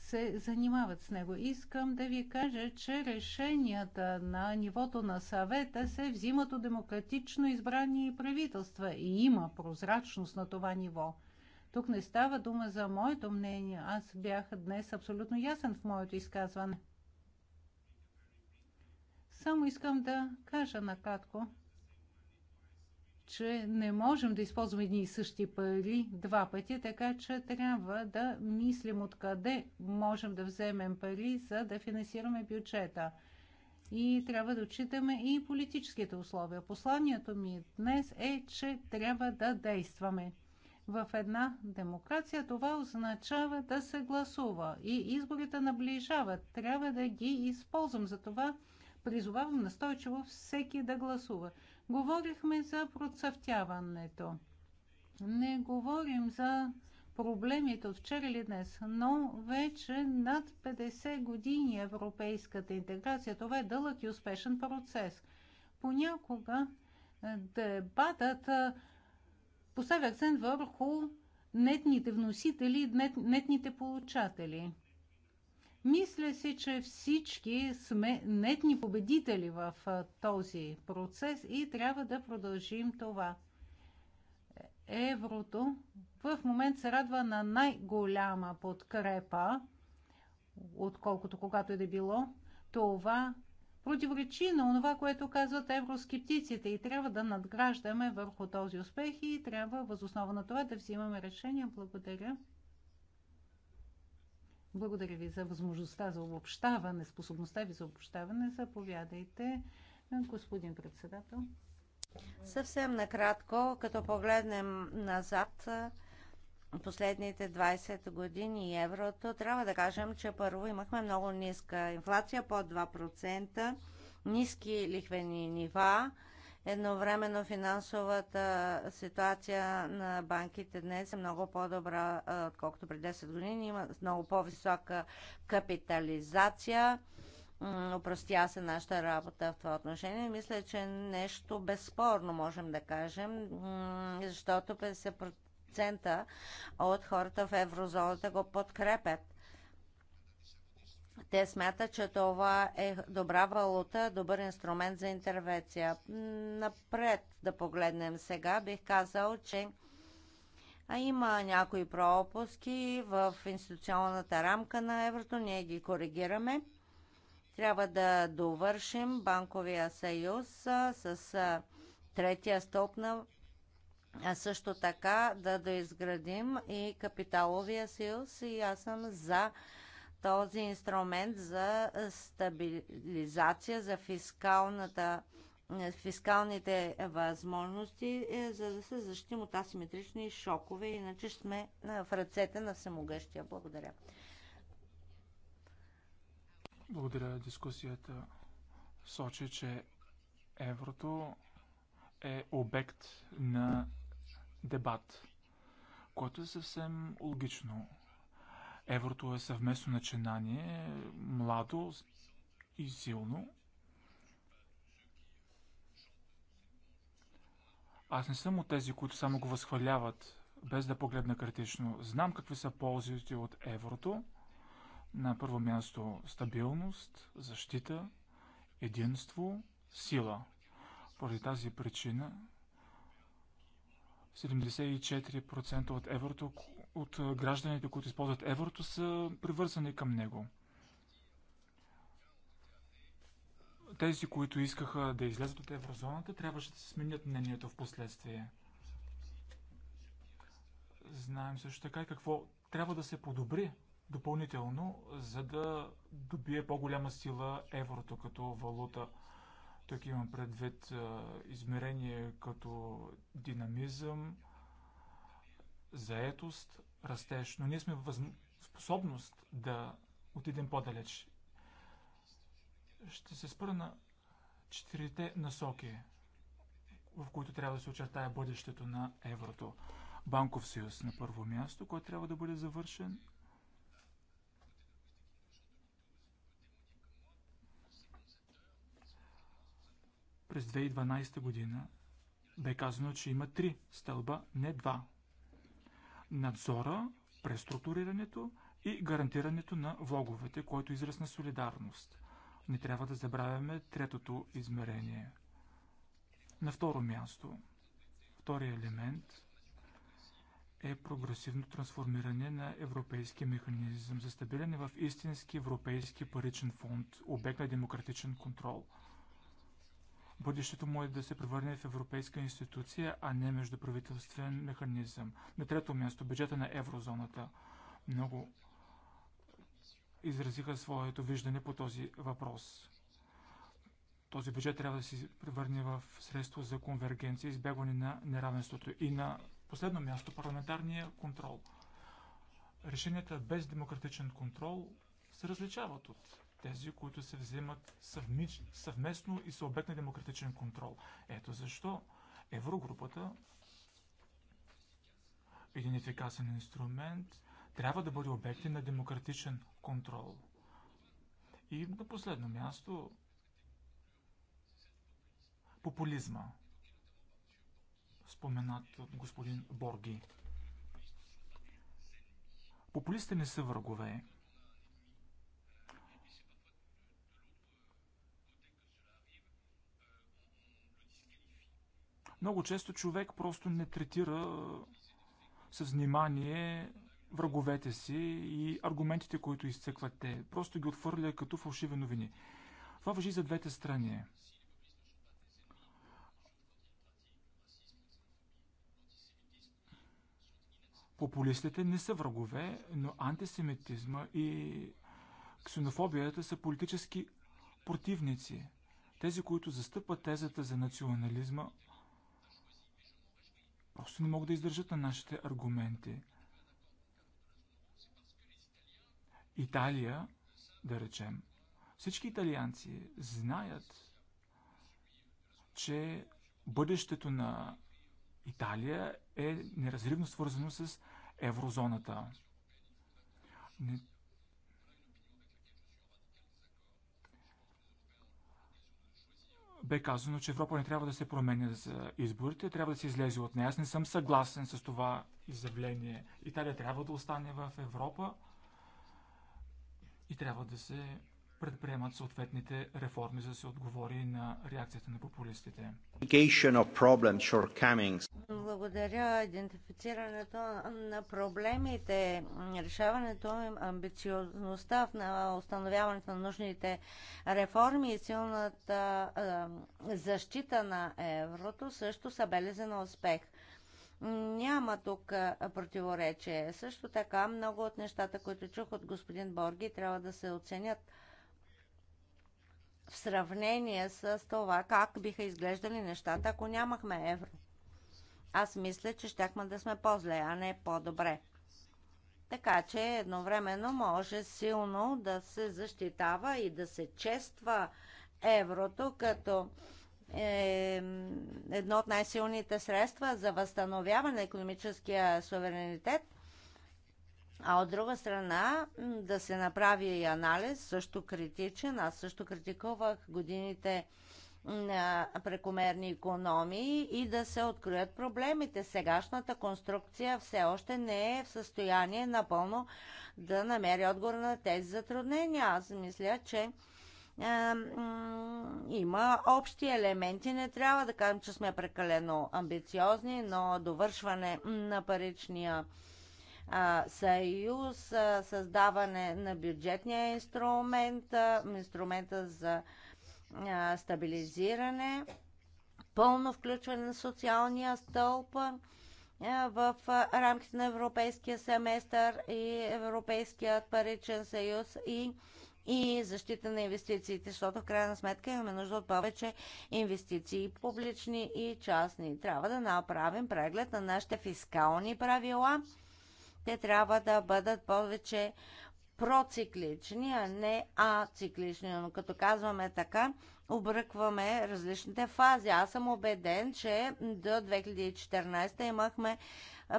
се занимават с него. Искам да ви кажа, че решенията на нивото на съвета се взимат от демократично избрани правителства и има прозрачност на това ниво. Тук не става дума за моето мнение. Аз бях днес абсолютно ясен в моето изказване. Само искам да кажа накратко, че не можем да използваме едни и същи пари два пъти, така че трябва да мислим откъде можем да вземем пари, за да финансираме бюджета. И трябва да отчитаме и политическите условия. Посланието ми днес е, че трябва да действаме. В една демокрация това означава да се гласува и изборите наближават. Трябва да ги използвам. Затова призовавам настойчиво всеки да гласува. Говорихме за процъфтяването. Не говорим за проблемите от вчера или днес, но вече над 50 години европейската интеграция. Това е дълъг и успешен процес. Понякога е, дебатът е, поставя акцент върху нетните вносители и нетните получатели. Мисля си, че всички сме нетни победители в този процес и трябва да продължим това. Еврото в момент се радва на най-голяма подкрепа, отколкото когато е да било. Това противоречи на това, което казват евроскептиците и трябва да надграждаме върху този успех и трябва възоснова на това да взимаме решения. Благодаря. Благодаря ви за възможността за обобщаване, способността ви за обобщаване. Заповядайте, господин председател. Съвсем накратко, като погледнем назад последните 20 години еврото, трябва да кажем, че първо имахме много ниска инфлация, под 2%, ниски лихвени нива, Едновременно финансовата ситуация на банките днес е много по-добра, отколкото преди 10 години. Има много по-висока капитализация упростя се нашата работа в това отношение. Мисля, че нещо безспорно можем да кажем, защото 50% от хората в еврозоната го подкрепят. Те смятат, че това е добра валута, добър инструмент за интервенция. Напред да погледнем сега, бих казал, че а има някои пропуски в институционалната рамка на еврото. Ние ги коригираме. Трябва да довършим банковия съюз с третия стоп на а също така да доизградим и капиталовия съюз и аз съм за този инструмент за стабилизация, за фискалната фискалните възможности, е, за да се защитим от асиметрични шокове, иначе сме е, в ръцете на самогъщия. Благодаря. Благодаря. Дискусията сочи, че еврото е обект на дебат, което е съвсем логично. Еврото е съвместно начинание, младо и силно. Аз не съм от тези, които само го възхваляват, без да погледна критично. Знам какви са ползите от еврото. На първо място стабилност, защита, единство, сила. Поради тази причина 74% от еврото, от гражданите, които използват еврото, са привързани към него. Тези, които искаха да излезат от еврозоната, трябваше да се сменят мнението в последствие. Знаем също така и какво трябва да се подобри допълнително, за да добие по-голяма сила еврото като валута. Тук имам предвид измерение като динамизъм, заетост, растеж, но ние сме в възм... способност да отидем по-далеч. Ще се спра на четирите насоки, в които трябва да се очертая бъдещето на еврото. Банков съюз на първо място, който трябва да бъде завършен. През 2012 година бе казано, че има три стълба, не два надзора, преструктурирането и гарантирането на влоговете, който е израз на солидарност. Не трябва да забравяме третото измерение. На второ място, втория елемент е прогресивно трансформиране на европейския механизъм за стабилен в истински европейски паричен фонд, обект на демократичен контрол – Бъдещето му е да се превърне в европейска институция, а не междуправителствен механизъм. На трето място, бюджета на еврозоната. Много изразиха своето виждане по този въпрос. Този бюджет трябва да се превърне в средство за конвергенция, избягване на неравенството. И на последно място, парламентарния контрол. Решенията без демократичен контрол се различават от тези, които се вземат съвмич, съвместно и са обект на демократичен контрол. Ето защо Еврогрупата, един ефикасен инструмент, трябва да бъде обект на демократичен контрол. И на последно място, популизма, споменат от господин Борги. Популистите не са врагове. Много често човек просто не третира с внимание враговете си и аргументите, които изцъкват те. Просто ги отвърля като фалшиви новини. Това въжи за двете страни. Популистите не са врагове, но антисемитизма и ксенофобията са политически противници. Тези, които застъпват тезата за национализма, Просто не могат да издържат на нашите аргументи. Италия, да речем, всички италианци знаят, че бъдещето на Италия е неразривно свързано с еврозоната. бе казано, че Европа не трябва да се променя за изборите, трябва да се излезе от нея. Аз не съм съгласен с това изявление. Италия трябва да остане в Европа и трябва да се предприемат съответните реформи, за да се отговори на реакцията на популистите. Благодаря. Идентифицирането на проблемите, решаването им, амбициозността на установяването на нужните реформи и силната защита на еврото също са белези на успех. Няма тук противоречие. Също така, много от нещата, които чух от господин Борги, трябва да се оценят – в сравнение с това как биха изглеждали нещата, ако нямахме евро. Аз мисля, че щяхме да сме по-зле, а не по-добре. Така че едновременно може силно да се защитава и да се чества еврото като е едно от най-силните средства за възстановяване на економическия суверенитет – а от друга страна да се направи и анализ, също критичен. Аз също критикувах годините на прекомерни економии и да се откроят проблемите. Сегашната конструкция все още не е в състояние напълно да намери отговор на тези затруднения. Аз мисля, че има общи елементи. Не трябва да кажем, че сме прекалено амбициозни, но довършване на паричния а, съюз, а, създаване на бюджетния инструмент, а, инструмента за а, стабилизиране, пълно включване на социалния стълб в рамките на Европейския семестър и Европейският паричен съюз и и защита на инвестициите, защото в крайна сметка имаме нужда от повече инвестиции, публични и частни. Трябва да направим преглед на нашите фискални правила те трябва да бъдат повече проциклични, а не ациклични. Но като казваме така, обръкваме различните фази. Аз съм убеден, че до 2014 имахме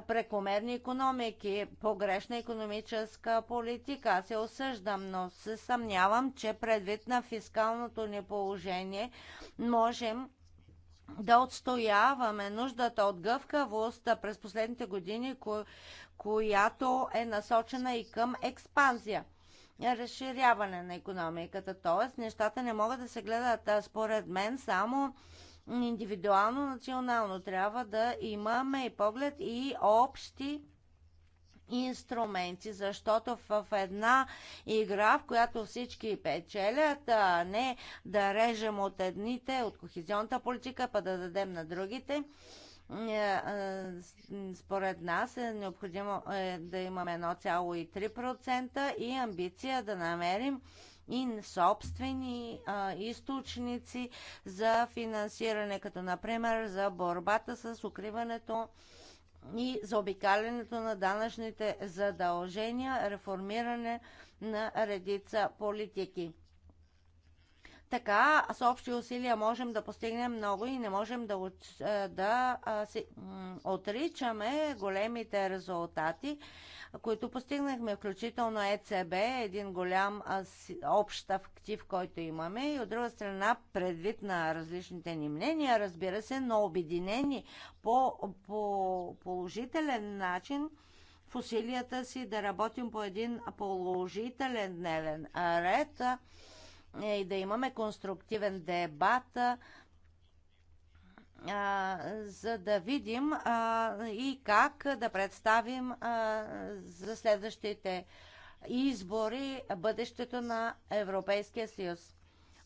прекомерни економики, погрешна економическа политика. Аз се осъждам, но се съмнявам, че предвид на фискалното ни положение можем да отстояваме нуждата от гъвкавост през последните години, ко която е насочена и към експанзия разширяване на економиката. Тоест, нещата не могат да се гледат, според мен, само индивидуално, национално. Трябва да имаме и поглед и общи инструменти, защото в една игра, в която всички печелят, а не да режем от едните, от кохезионната политика, па да дадем на другите, е, е, според нас е необходимо е, да имаме 1,3% и амбиция да намерим и собствени а, източници за финансиране, като например за борбата с укриването и заобикалянето на данъчните задължения, реформиране на редица политики. Така, с общи усилия можем да постигнем много и не можем да, е, да си, отричаме големите резултати които постигнахме, включително ЕЦБ, един голям общ актив, който имаме и от друга страна, предвид на различните ни мнения, разбира се, но обединени по, по положителен начин в усилията си да работим по един положителен дневен ред и да имаме конструктивен дебат за да видим а, и как да представим а, за следващите избори бъдещето на Европейския съюз.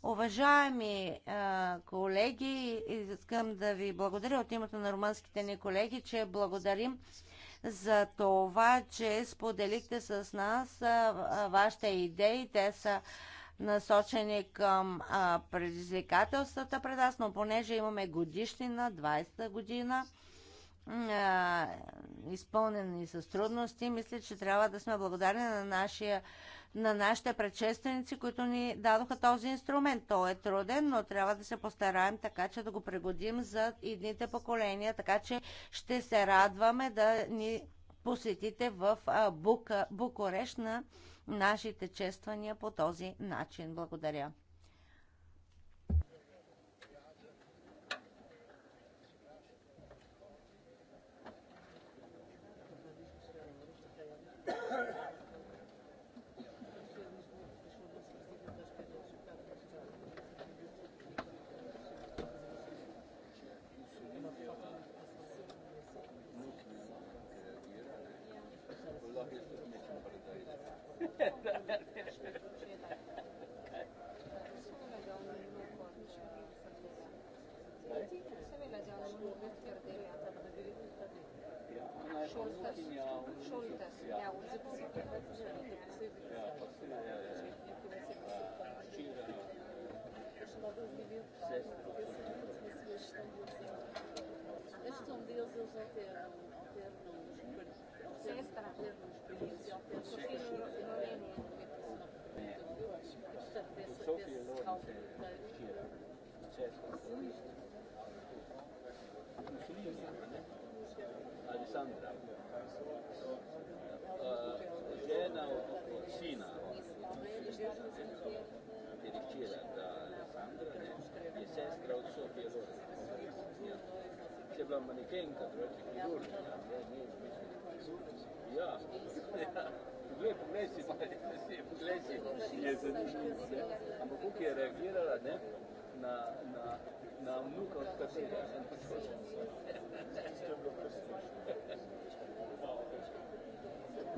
Уважаеми а, колеги, искам да ви благодаря от името на румънските ни колеги, че благодарим за това, че споделихте с нас вашите идеи. Те са насочени към а, предизвикателствата пред нас, но понеже имаме годишнина, 20-та година, а, изпълнени с трудности, мисля, че трябва да сме благодарни на, нашия, на нашите предшественици, които ни дадоха този инструмент. Той е труден, но трябва да се постараем така, че да го пригодим за идните поколения, така че ще се радваме да ни посетите в а, Бука, на нашите чествания по този начин. Благодаря.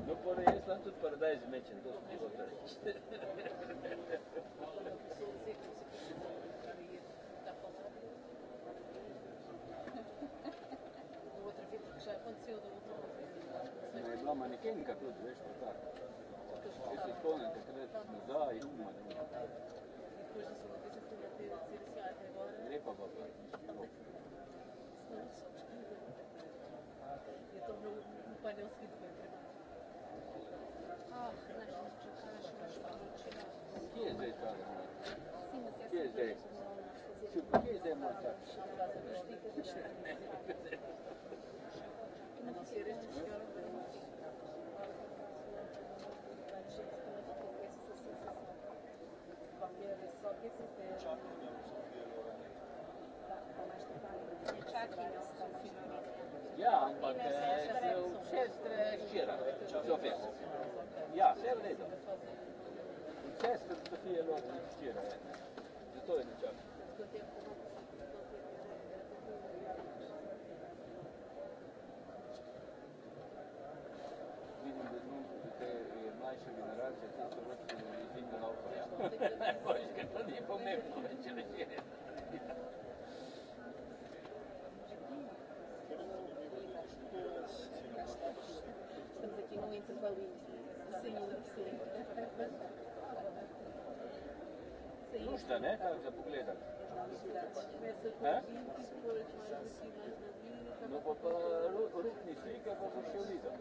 Но поне е сладко парада измечен, доста го търчи. Не е била манекенка плюс, виж, така. Ще се изпълнете, където да, и умът. Лепа баба. španělský dvojkrát. Ach, naša čekáš španělčina. Chi è Chi è Zeta? Sì, chi è Zeta? Non si riesce Čak i ne ostalo. Ja, but Cestre Scira, ce-o fie. Ia, se vede. Cestre să fie luat Scira. Нужда, не? Как да погледам. Но па па слика, па ще видам.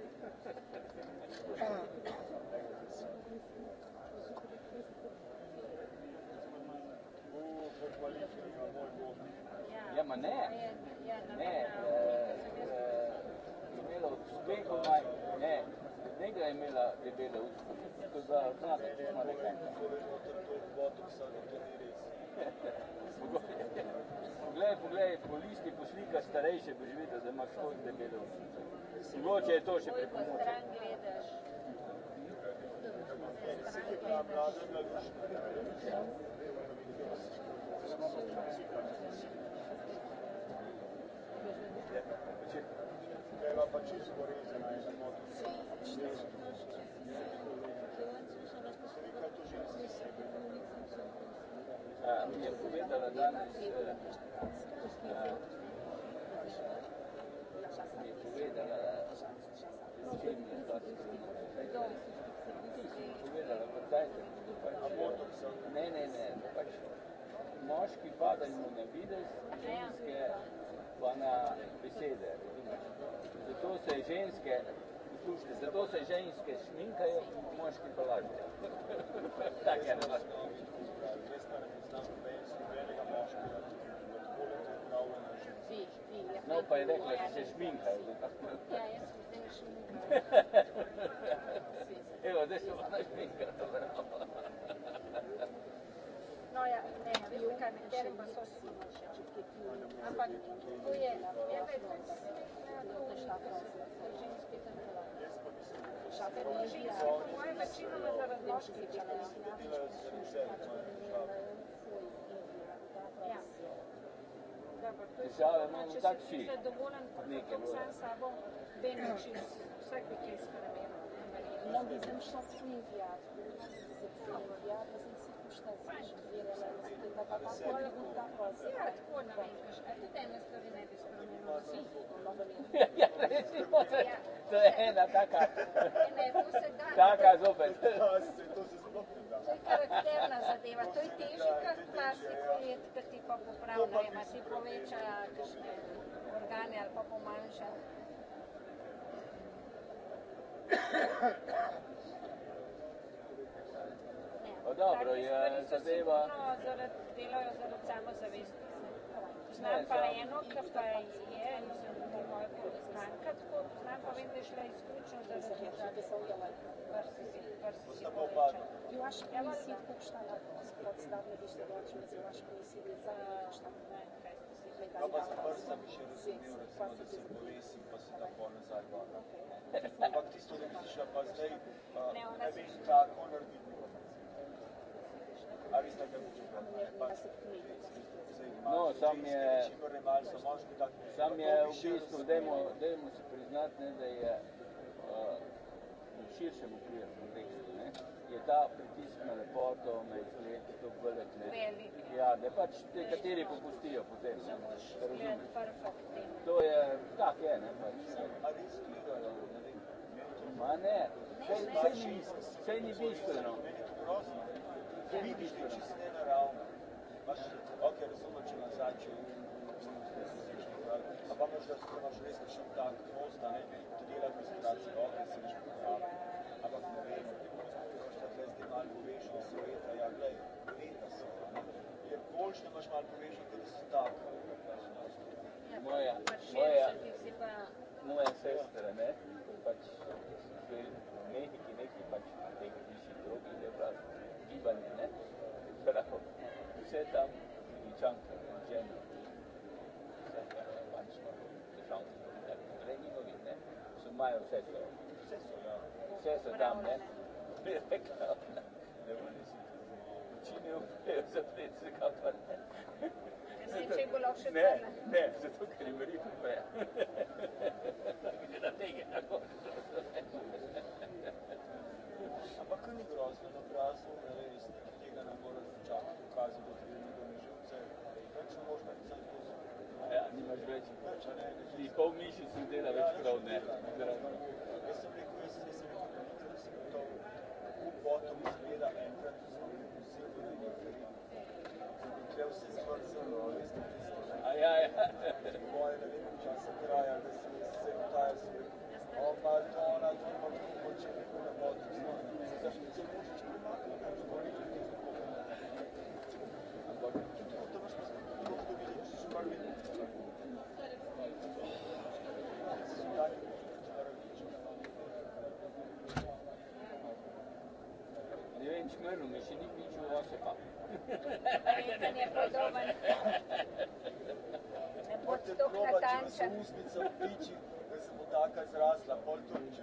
Ja, maar nee. Nee. Gemiddeld 2,9. Nee negra je imela debele usta, to je bila da ima smo Poglej, poglej, po listi poslika starejše že videl, da ima tako debele usta. Mogoče je to še pripomoče. Thank you aveva facessimo risanare la moto. А, мне кумета на данный Мне кумета на фильм на Кумета на портайте. А мотор Не, не, не, не паче. Moški padajo na videz, ženske pa na besede. Zato se ženske, poslušajte, zato se ženske šminkajo, moški pa lažejo. Tak je na vas. No, pa je rekla, da se šminkajo. Ja, jaz sem zdaj šminkala. Evo, zdaj se ona šminka, dobro noja nema, vi ste kaj med terima sosima može. Ampak to je, ja vem, to je ženske, moje večinoma za razloške delajo. Ja. Dobro, to je, če se zadovoljen, kako sam sabo, vem, če vsak bi kaj spremenil. Non, disem šla sui inviati, non disem sui inviati, Ja, ja, da ist die Mutter. To je ena taka. Ne, to se da. Taka zopet. Da, se to se sploh ne da. To je karakterna zadeva. To je težje, kot plastiko let, ki ti pa popravlja, ima ti poveča kakšne organe ali pa pomanjša. Pa dobro, je zadeva... Delajo zelo samozavestno. Poznam pa eno, ki pa je, mislim, da je moja poznanka tako, poznam pa vem, da je šla izključno zaradi Ваша комисия почна на подставни вижте начин за ваша комисия за неща. Но па се първо съм ще разумел, recimo, да се повесим, па се да по-назад. Ampak tisto, da misliš, pa zdaj, ne bi tako narediti. No, сам je, sam je u bistvu demo, demo se priznati, ne, da je uh, u širšem okviru kontekstu ne, je ta pritisk na lepoto, na izgled, to velik ne. Ja, da pač te kateri popustijo potem. Ne, razumeš? To je, tak je, ne pač. Ma ne, sej, sej, sej ni bistveno ще видиш, че си нереално. Baš, ok, razumem, če naznačijo, ampak imaš, da imaš res kakšen tak nos, da ne tudi rad prezentacijo, ok, se nič pripravlja. Ampak ne vem, da tle zdaj malo poveš, da so leta, ja, glej, leta so. Je boljš, da imaš malo poveš, da so tak. Moja, moja, moja sestra, ne, pač v Mehiki neki pač nek višji krog, ljudje pravijo. Albania, ne? Però se tam Ličanka, žena, vančno, državno, ne, njihovi, ne, so imajo vse to, vse so, vse so tam, ne, bi rekla, ne bodi si učinil, za plet se kam pa ne. Zato, ne, ne, zato, ker jim rekel, ne. Tako da tega, tako. Ampak kar ni grozno, no prijazno, ne res, tega ne moraš dočakati, dokazi bo treba, da ne živce, več ne moreš narediti samo to. Ja, nimaš več, več ne, ni pol mišic ne dela več prav, ne. Jaz sem rekel, jaz sem rekel, da nikrat nisem gotov, v botom izgleda enkrat, ko smo bili vsi v Rigi, tukaj vse zmrzelo, veste, tisto, ne. A ja, ja. Moje, ne vem, časa traja, da sem se vtajal, sem rekel, o, pa to, ona, to, pa to, če neko ne bo, to, Мену, е ми ще ніби нічого ваше папа. Це не подобане. Не подстукна танча. Усмица в пичи, да се водака зрасла, по-турчето.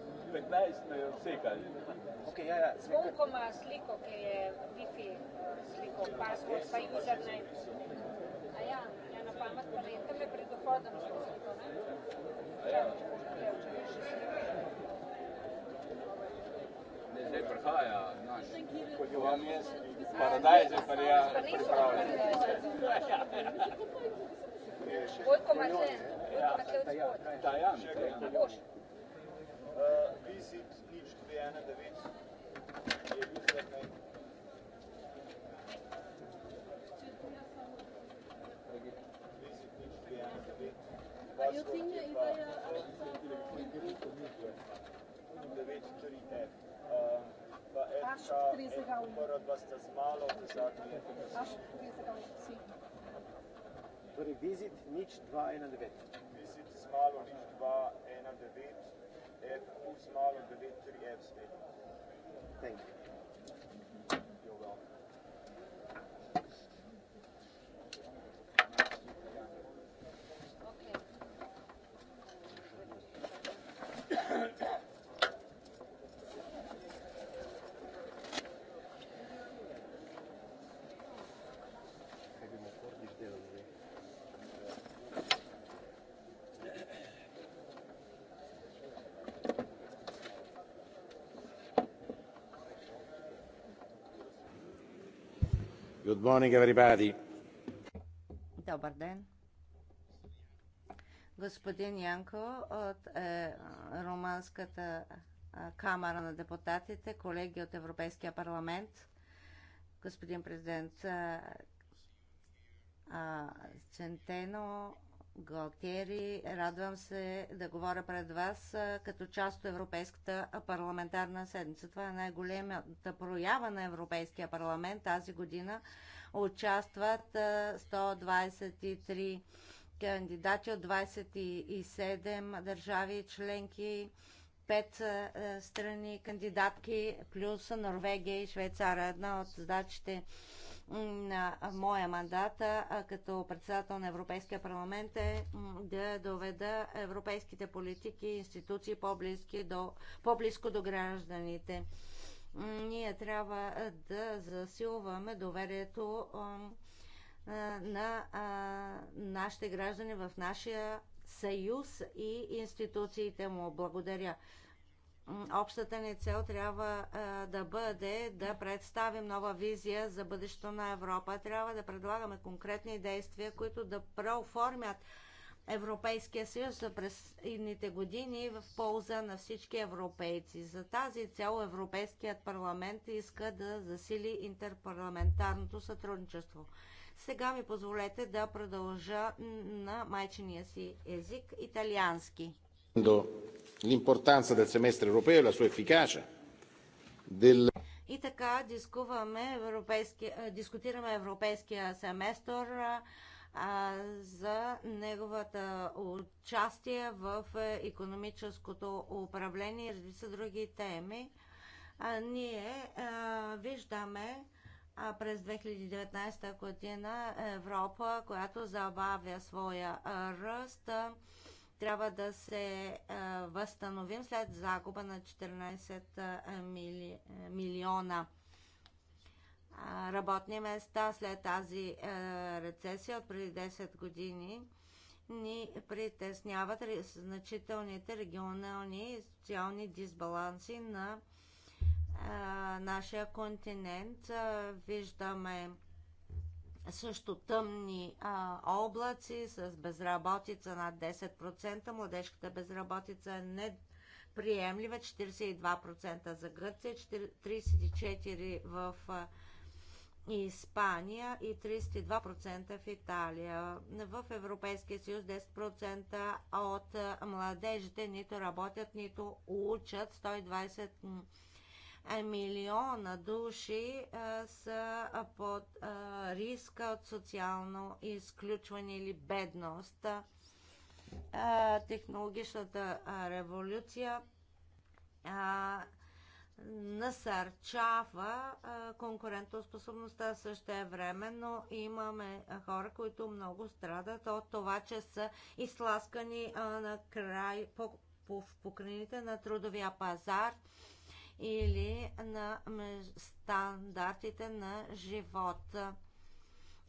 15, vse kaj. Okay, ja, ja. Zvonko ima sliko, ki je Wi-Fi sliko, password pa username. A ja, ja na pamet pa ne, tam je pred dohodom že sliko, ne? Ja. Ne, zdaj prihaja naš, kot je vam jaz, paradajz je pa ja pripravljen. Vojko Marzen, Vojko Matevc Vod. Tajan, Tajan visit Nič-Diana David je bil Visit Nič-Diana David. Jotzinja ideja od 9.3F. Pa Edka, Edka, prva sta z malo, zadnji je. Aš 30. z malo nič 219. F, 1009 3 F Street. Thank you. You're welcome. Good morning, everybody. Добър ден. Господин Янко от е, Романската е, камара на депутатите, колеги от Европейския парламент, господин президент а, е, е, Центено, Галтери. Радвам се да говоря пред вас като част от Европейската парламентарна седмица. Това е най-големата проява на Европейския парламент. Тази година участват 123 кандидати от 27 държави членки, 5 страни кандидатки, плюс Норвегия и Швейцария. Една от задачите на моя мандат като председател на Европейския парламент е да доведа европейските политики и институции по-близко до, по до гражданите. Ние трябва да засилваме доверието на нашите граждани в нашия съюз и институциите му. Благодаря общата ни цел трябва да бъде да представим нова визия за бъдещето на Европа. Трябва да предлагаме конкретни действия, които да преоформят Европейския съюз през едните години в полза на всички европейци. За тази цел Европейският парламент иска да засили интерпарламентарното сътрудничество. Сега ми позволете да продължа на майчиния си език италиански. До l'importanza del semestre europeo e la sua efficacia. Del... И така дискуваме европейски, дискутираме европейския семестър а, за неговата участие в економическото управление и редица други теми. А, ние а, виждаме а през 2019 година Европа, която забавя своя ръст. А, трябва да се възстановим след загуба на 14 мили, милиона работни места след тази рецесия от преди 10 години ни притесняват значителните регионални и социални дисбаланси на а, нашия континент. А, виждаме също тъмни а, облаци с безработица над 10%. Младежката безработица е неприемлива 42% за Гърция, 34% в а, Испания и 32% в Италия. В Европейския съюз 10% от младежите нито работят, нито учат. 120 е, милиона души е, са под е, риска от социално изключване или бедност. Технологичната революция насърчава конкурентоспособността също е време, но имаме хора, които много страдат от това, че са изтласкани на край по, по, в покрайните на трудовия пазар или на стандартите на живота.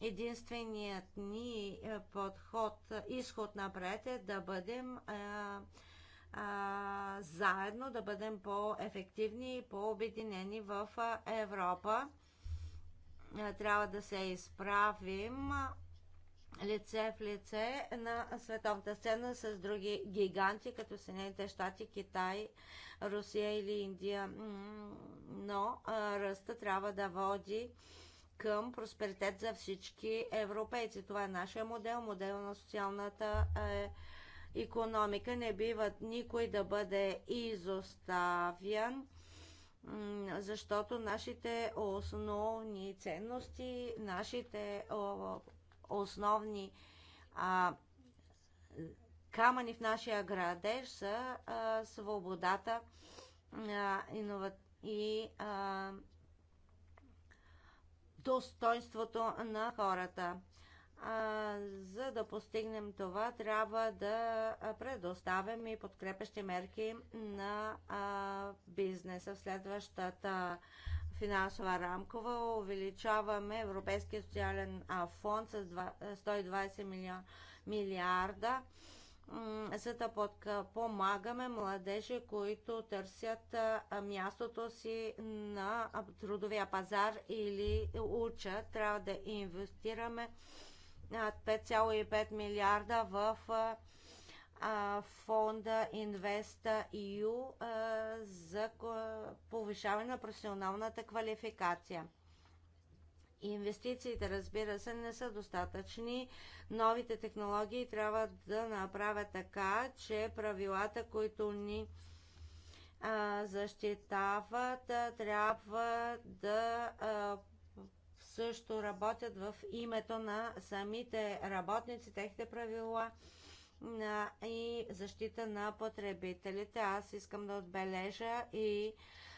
Единственият ни е, подход, изход напред е да бъдем а, а, заедно, да бъдем по-ефективни и по-обединени в Европа. Трябва да се изправим лице в лице на световната сцена с други гиганти, като Съединените щати, Китай, Русия или Индия. Но ръста трябва да води към просперитет за всички европейци. Това е нашия модел, модел на социалната економика. Не бива никой да бъде изоставян защото нашите основни ценности, нашите основни а, камъни в нашия градеж са а, свободата а, инова... и а, достоинството на хората. А, за да постигнем това, трябва да предоставим и подкрепещи мерки на а, бизнеса. В следващата финансова рамкова увеличаваме Европейския социален фонд с 120 е, милиарда, за да помагаме младежи, които търсят е, мястото си на трудовия пазар или учат. Трябва да инвестираме 5,5 е, милиарда в фонда Investa EU за повишаване на професионалната квалификация. Инвестициите, разбира се, не са достатъчни. Новите технологии трябва да направят така, че правилата, които ни защитават, трябва да също работят в името на самите работници, техните правила и защита на потребителите. Аз искам да отбележа и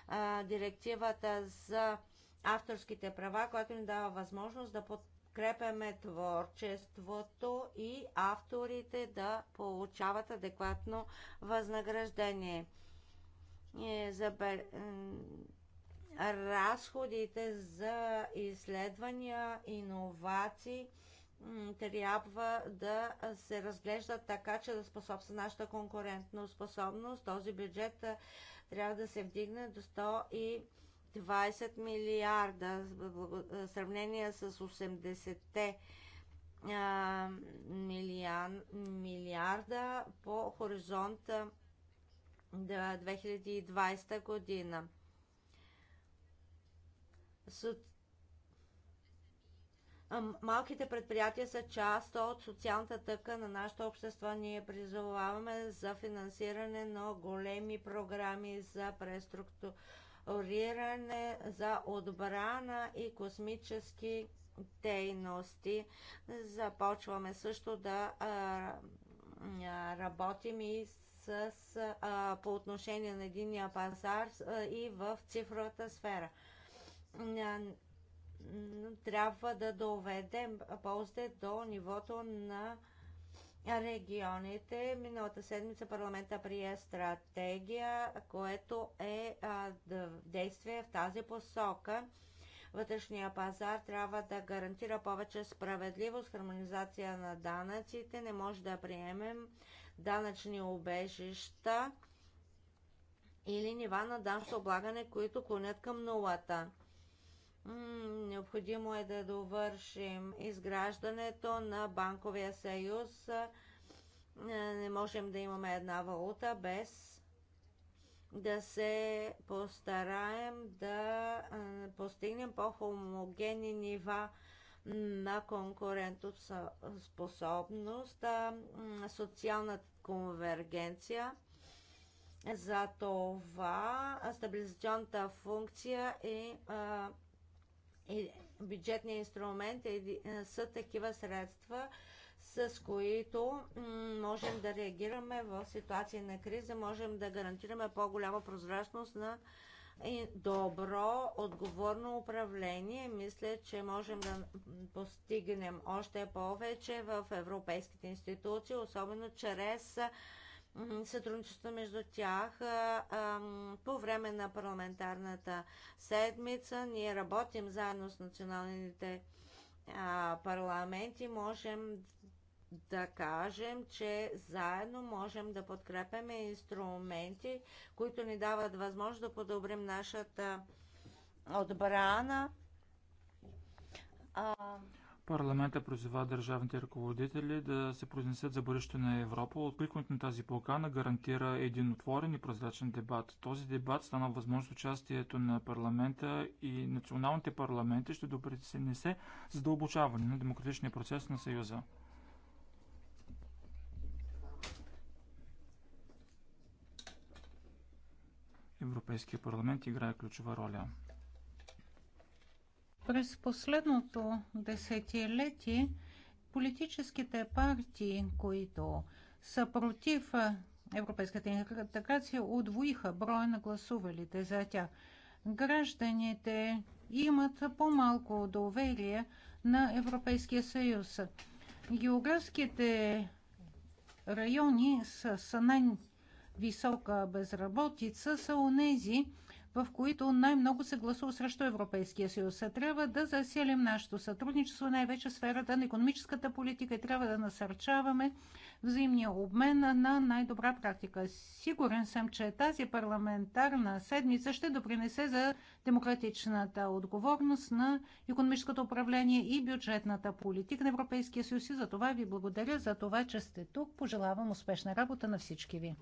а, директивата за авторските права, която ни дава възможност да подкрепяме творчеството и авторите да получават адекватно възнаграждение. Е, забер... Разходите за изследвания, иновации – трябва да се разглеждат така, че да способства нашата конкурентна способност. Този бюджет трябва да се вдигне до 120 милиарда в сравнение с 80-те милиарда по хоризонта 2020 година Малките предприятия са част от социалната тъка на нашето общество. Ние призоваваме за финансиране на големи програми за преструктуриране, за отбрана и космически дейности. Започваме също да работим и с, а, по отношение на единия пазар и в цифровата сфера трябва да доведем ползите до нивото на регионите. Миналата седмица парламента прие стратегия, което е действие в тази посока. Вътрешния пазар трябва да гарантира повече справедливост, хармонизация на данъците. Не може да приемем данъчни обежища или нива на данъчно облагане, които клонят към нулата. Необходимо е да довършим изграждането на банковия съюз. Е, не можем да имаме една валута без да се постараем да е, постигнем по-хомогенни нива на конкурентоспособност, социална конвергенция. За това стабилизационната функция и е, Бюджетни инструмент е е, са такива средства, с които можем да реагираме в ситуация на криза, можем да гарантираме по-голяма прозрачност на добро, отговорно управление. Мисля, че можем да постигнем още повече в европейските институции, особено чрез сътрудничество между тях. По време на парламентарната седмица ние работим заедно с националните парламенти. Можем да кажем, че заедно можем да подкрепяме инструменти, които ни дават възможност да подобрим нашата отбрана. Парламента призова държавните ръководители да се произнесат за бъдещето на Европа. Откликването на тази покана гарантира един отворен и прозрачен дебат. Този дебат стана възможност участието на парламента и националните парламенти ще допринесе задълбочаване на демократичния процес на Съюза. Европейския парламент играе ключова роля. През последното десетилетие политическите партии, които са против европейската интеграция, удвоиха броя на гласувалите за тях. Гражданите имат по-малко доверие на Европейския съюз. Географските райони с най-висока безработица са онези, в които най-много се гласува срещу Европейския съюз. Трябва да заселим нашето сътрудничество, най-вече сферата на економическата политика и трябва да насърчаваме взаимния обмен на най-добра практика. Сигурен съм, че тази парламентарна седмица ще допринесе за демократичната отговорност на економическото управление и бюджетната политика на Европейския съюз. И за това ви благодаря за това, че сте тук. Пожелавам успешна работа на всички ви.